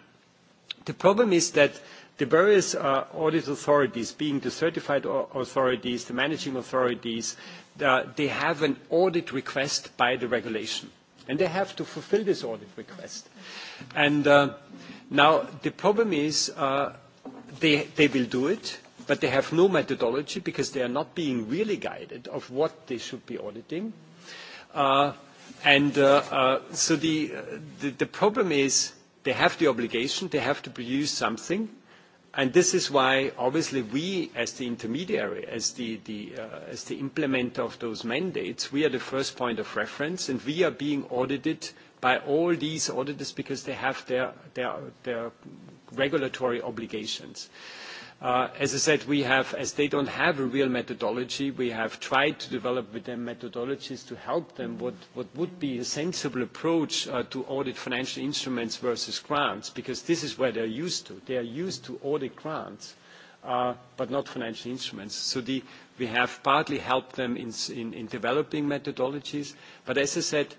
The problem is that The various audit authorities, being the certified authorities, the managing authorities, they have an audit request by the regulation, and they have to fulfill this audit request. Now the problem is, they will do it, but they have no methodology because they are not being really guided of what they should be auditing. The problem is they have the obligation, they have to produce something, And This is why, obviously, we, as the intermediary, as the implementer of those mandates, we are the first point of reference, and we are being audited by all these auditors because they have their regulatory obligations. As I said, we have, as they don't have a real methodology, we have tried to develop with them methodologies to help them what would be a sensible approach to audit financial instruments versus grants, because this is where they're used to. They are used to audit grants, but not financial instruments. So We have partly helped them in developing methodologies. but As I said,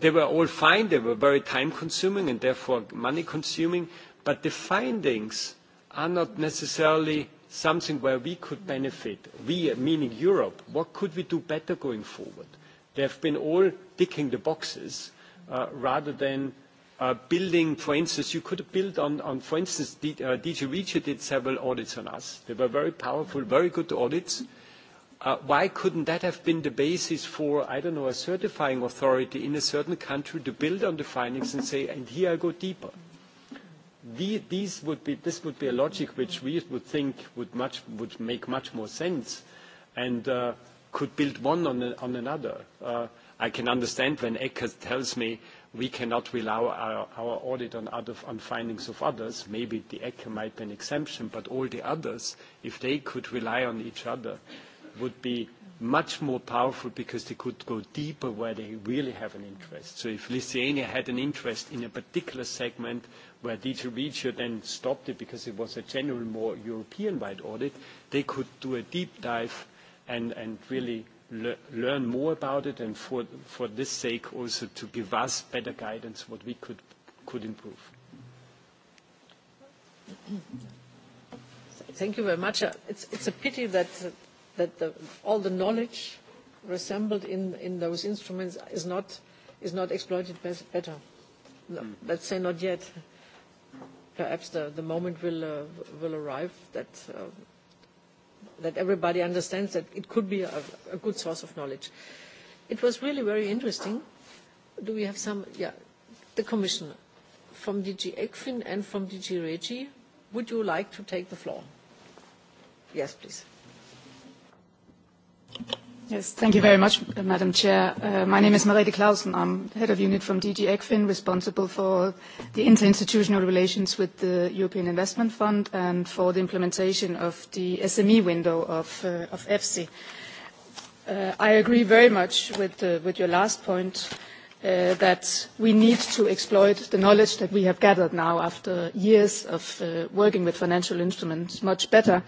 they were all fine. They were very time-consuming and therefore money-consuming. but The findings are not necessarily something where we could benefit. We, meaning Europe, what could we do better going forward? They have been all ticking the boxes rather than building, for instance, you could build on, for instance, DG Reacher did several audits on us. They were very powerful, very good audits. Why couldn't that have been the basis for, I don't know, a certifying authority in a certain country to build on the findings and say, "And here I go deeper." This would be a logic which we would think would make much more sense and could build one on another. I can understand when Eckert tells me we cannot rely our audit on findings of others. Maybe the Eckert might be an exemption, but all the others, if they could rely on each other, would be much more powerful because they could go deeper where they really have an interest. So if Lithuania had an interest in a particular segment, where DG Reach then stopped it because it was a general, more European-wide audit, they could do a deep dive and, and really learn more about it and for, for this sake also to give us better guidance what we could, could improve. Thank you very much. It's, a pity that, that the, all the knowledge resembled in, those instruments is not, is not exploited better. let's say not yet perhaps the, the moment will, uh, will arrive that, uh, that everybody understands that it could be a, a good source of knowledge. It was really very interesting. Do we have some? Yeah, the commissioner from DG ECFIN and from DG Regi. Would you like to take the floor? Yes, please. Yes, thank you very much, Madam Chair. my name is Merete Clausen. I'm head of unit from DG ECFIN, responsible for the interinstitutional relations with the European Investment Fund and for the implementation of the SME window of, EFSI. I agree very much with, your last point that we need to exploit the knowledge that we have gathered now after years of working with financial instruments much better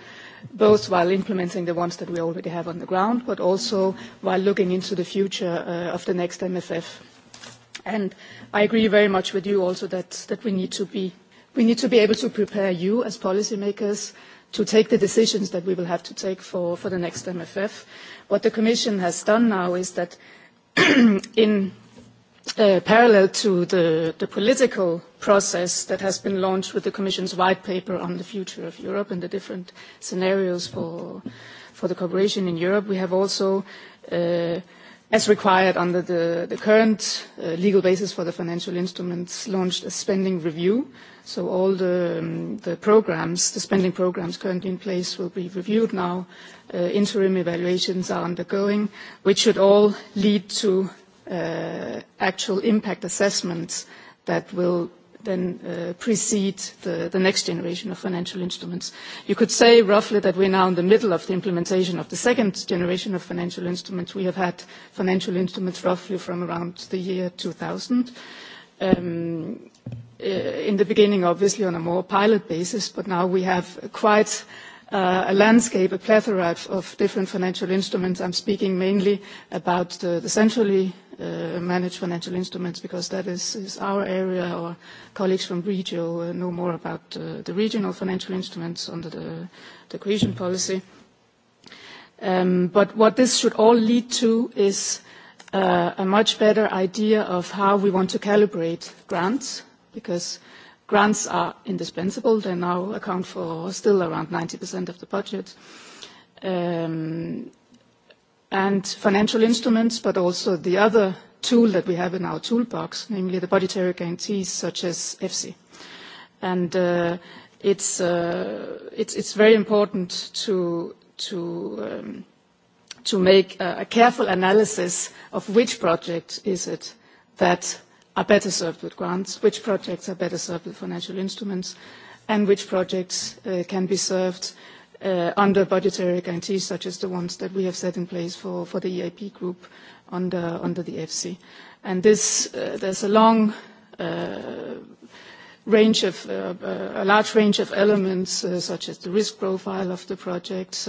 both while implementing the ones that we already have on the ground, but also while looking into the future of the next MFF. And I agree very much with you also that we need to be able to prepare you as policymakers to take the decisions that we will have to take for the next MFF. What the Commission has done now is that in parallel to the political process that has been launched with the Commission's white paper on the future of Europe and the different scenarios for the cooperation in Europe, we have also, as required under the current legal basis for the financial instruments, launched a spending review. So all the programs, the spending programs currently in place will be reviewed now. Interim evaluations are undergoing, which should all lead to actual impact assessments that will then precede the the next generation of financial instruments. You could say roughly that we're now in the middle of the implementation of the second generation of financial instruments. We have had financial instruments roughly from around the year 2000. In the beginning, obviously, on a more pilot basis, but now we have quite a landscape, a plethora of different financial instruments. I'm speaking mainly about the centrally uh, manage financial instruments because that is, is our area. Our colleagues from Regio uh, know more about uh, the regional financial instruments under the, the cohesion policy. Um, but what this should all lead to is uh, a much better idea of how we want to calibrate grants because grants are indispensable. They now account for still around 90% of the budget. Um, and financial instruments, but also the other tool that we have in our toolbox, namely the budgetary guarantees such as EFSI. And it's, uh, it's, it's very important to, to, um, to make a, careful analysis of which project is it that are better served with grants, which projects are better served with financial instruments, and which projects uh, can be served under budgetary guarantees such as the ones that we have set in place for for the EIP group under under the EFSI. And this, there's a long range of a large range of elements, such as the risk profile of the projects,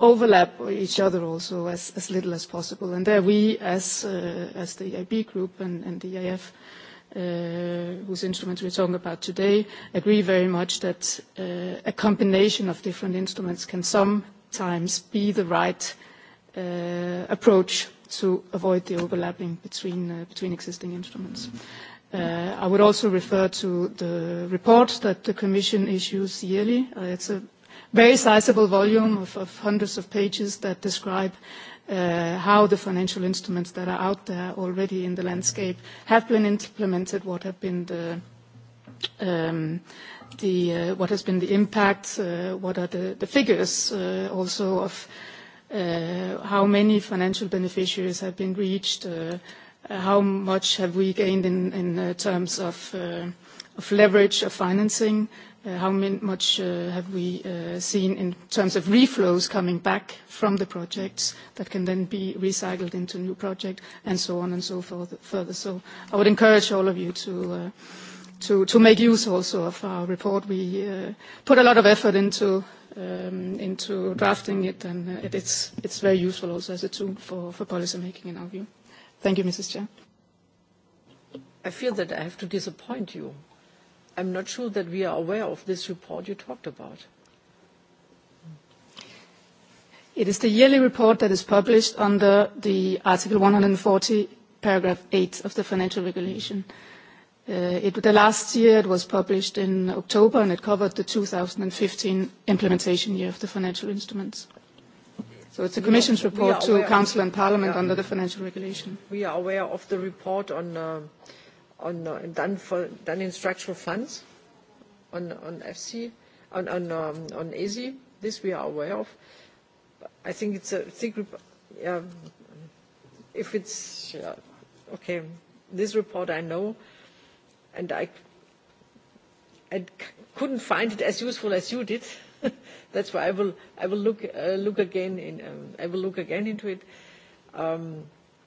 overlap each other also as, as little as possible. And there we, as, as the EIB group and, the EIF, whose instruments we're talking about today, agree very much that a combination of different instruments can sometimes be the right approach to avoid the overlapping between, existing instruments. I would also refer to the report that the Commission issues yearly. it's a very sizable volume of, of hundreds of pages that describe uh, how the financial instruments that are out there already in the landscape have been implemented, what have been the um, the uh, what has been the impact, uh, what are the, the figures uh, also of uh, how many financial beneficiaries have been reached, uh, how much have we gained in, in uh, terms of, uh, of leverage of financing, uh, how much have we seen in terms of reflows coming back from the projects that can then be recycled into new project, and so on and so forth further. So I would encourage all of you to make use also of our report. We put a lot of effort into drafting it, and it's very useful also as a tool for policymaking, in our view. Thank you, Mrs. Chair. I feel that I have to disappoint you I'm not sure that we are aware of this report you talked about. It is the yearly report that is published under the Article 140, paragraph 8 of the financial regulation. Uh, it, the last year it was published in October and it covered the 2015 implementation year of the financial instruments. So it's the Commission's report to Council and Parliament yeah. under the financial regulation. We are aware of the report on uh, on done for done in structural funds on on FC, on on um on ESI. This we are aware of. I think it's a thick group. Yeah, if it's yeah, okay, this report I know, and I I couldn't find it as useful as you did. That's why I will I will look uh look again in um I will look again into it. Um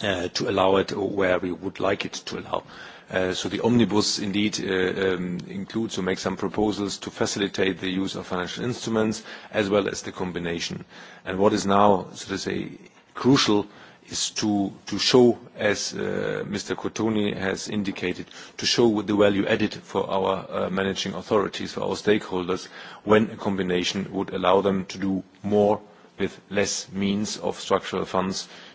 to allow it where we would like it to allow. So The omnibus indeed includes or makes some proposals to facilitate the use of financial instruments as well as the combination. What is now, so to say, crucial is to show, as Mr. Cotoni has indicated, to show the value added for our managing authorities, for our stakeholders, when a combination would allow them to do more with less means of structural funds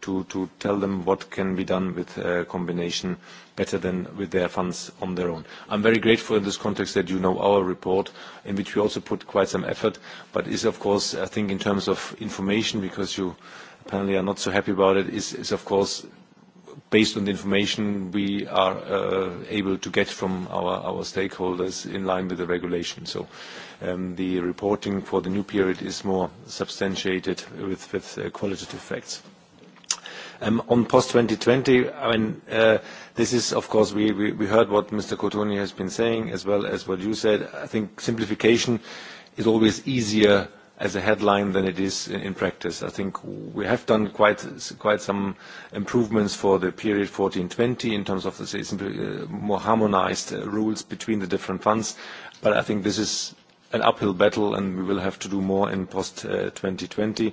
to, to tell them what can be done with a combination better than with their funds on their own. I'm very grateful in this context that you know our report, in which we also put quite some effort, but is of course, I think in terms of information, because you apparently are not so happy about it, is, is of course based on the information we are able to get from our stakeholders in line with the regulation. So The reporting for the new period is more substantiated with qualitative facts. On post-2020, this is, of course, we heard what Mr. Cotoni has been saying as well as what you said. I think simplification is always easier as a headline than it is in practice. I think we have done quite some improvements for the period 2014-2020 in terms of, the more harmonized rules between the different funds. But I think this is an uphill battle, and we will have to do more in post-2020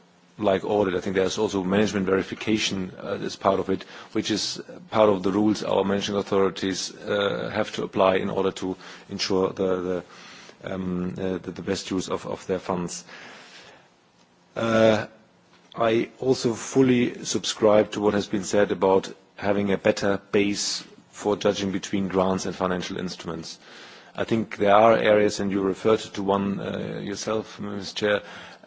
like audit, I think there's also management verification as part of it, which is part of the rules our managing authorities have to apply in order to ensure the, best use of, their funds. I also fully subscribe to what has been said about having a better base for judging between grants and financial instruments. I think there are areas, and you referred to one yourself, Ms. Chair,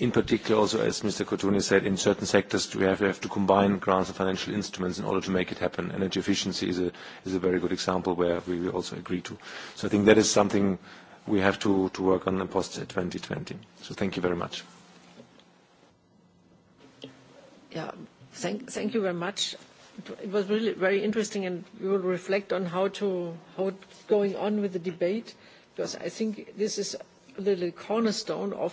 in particular also, as Mr. Cotoni said, in certain sectors we have, to combine grants and financial instruments in order to make it happen. Energy efficiency is a, very good example where we will also agree to. So I think that is something we have to, work on post 2020. So thank you very much. Yeah, thank, you very much. It was really very interesting and we will reflect on how to, how it's going on with the debate because I think this is the cornerstone of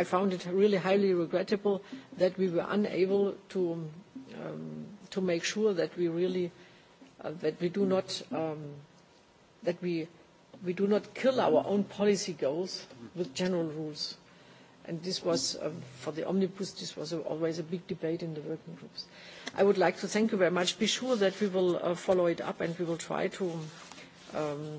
I found it really highly regrettable that we were unable to um, to make sure that we really uh, that we do not um, that we we do not kill our own policy goals with general rules. And this was, um, for the omnibus, this was a, always a big debate in the working groups. I would like to thank you very much. Be sure that we will uh, follow it up and we will try to um,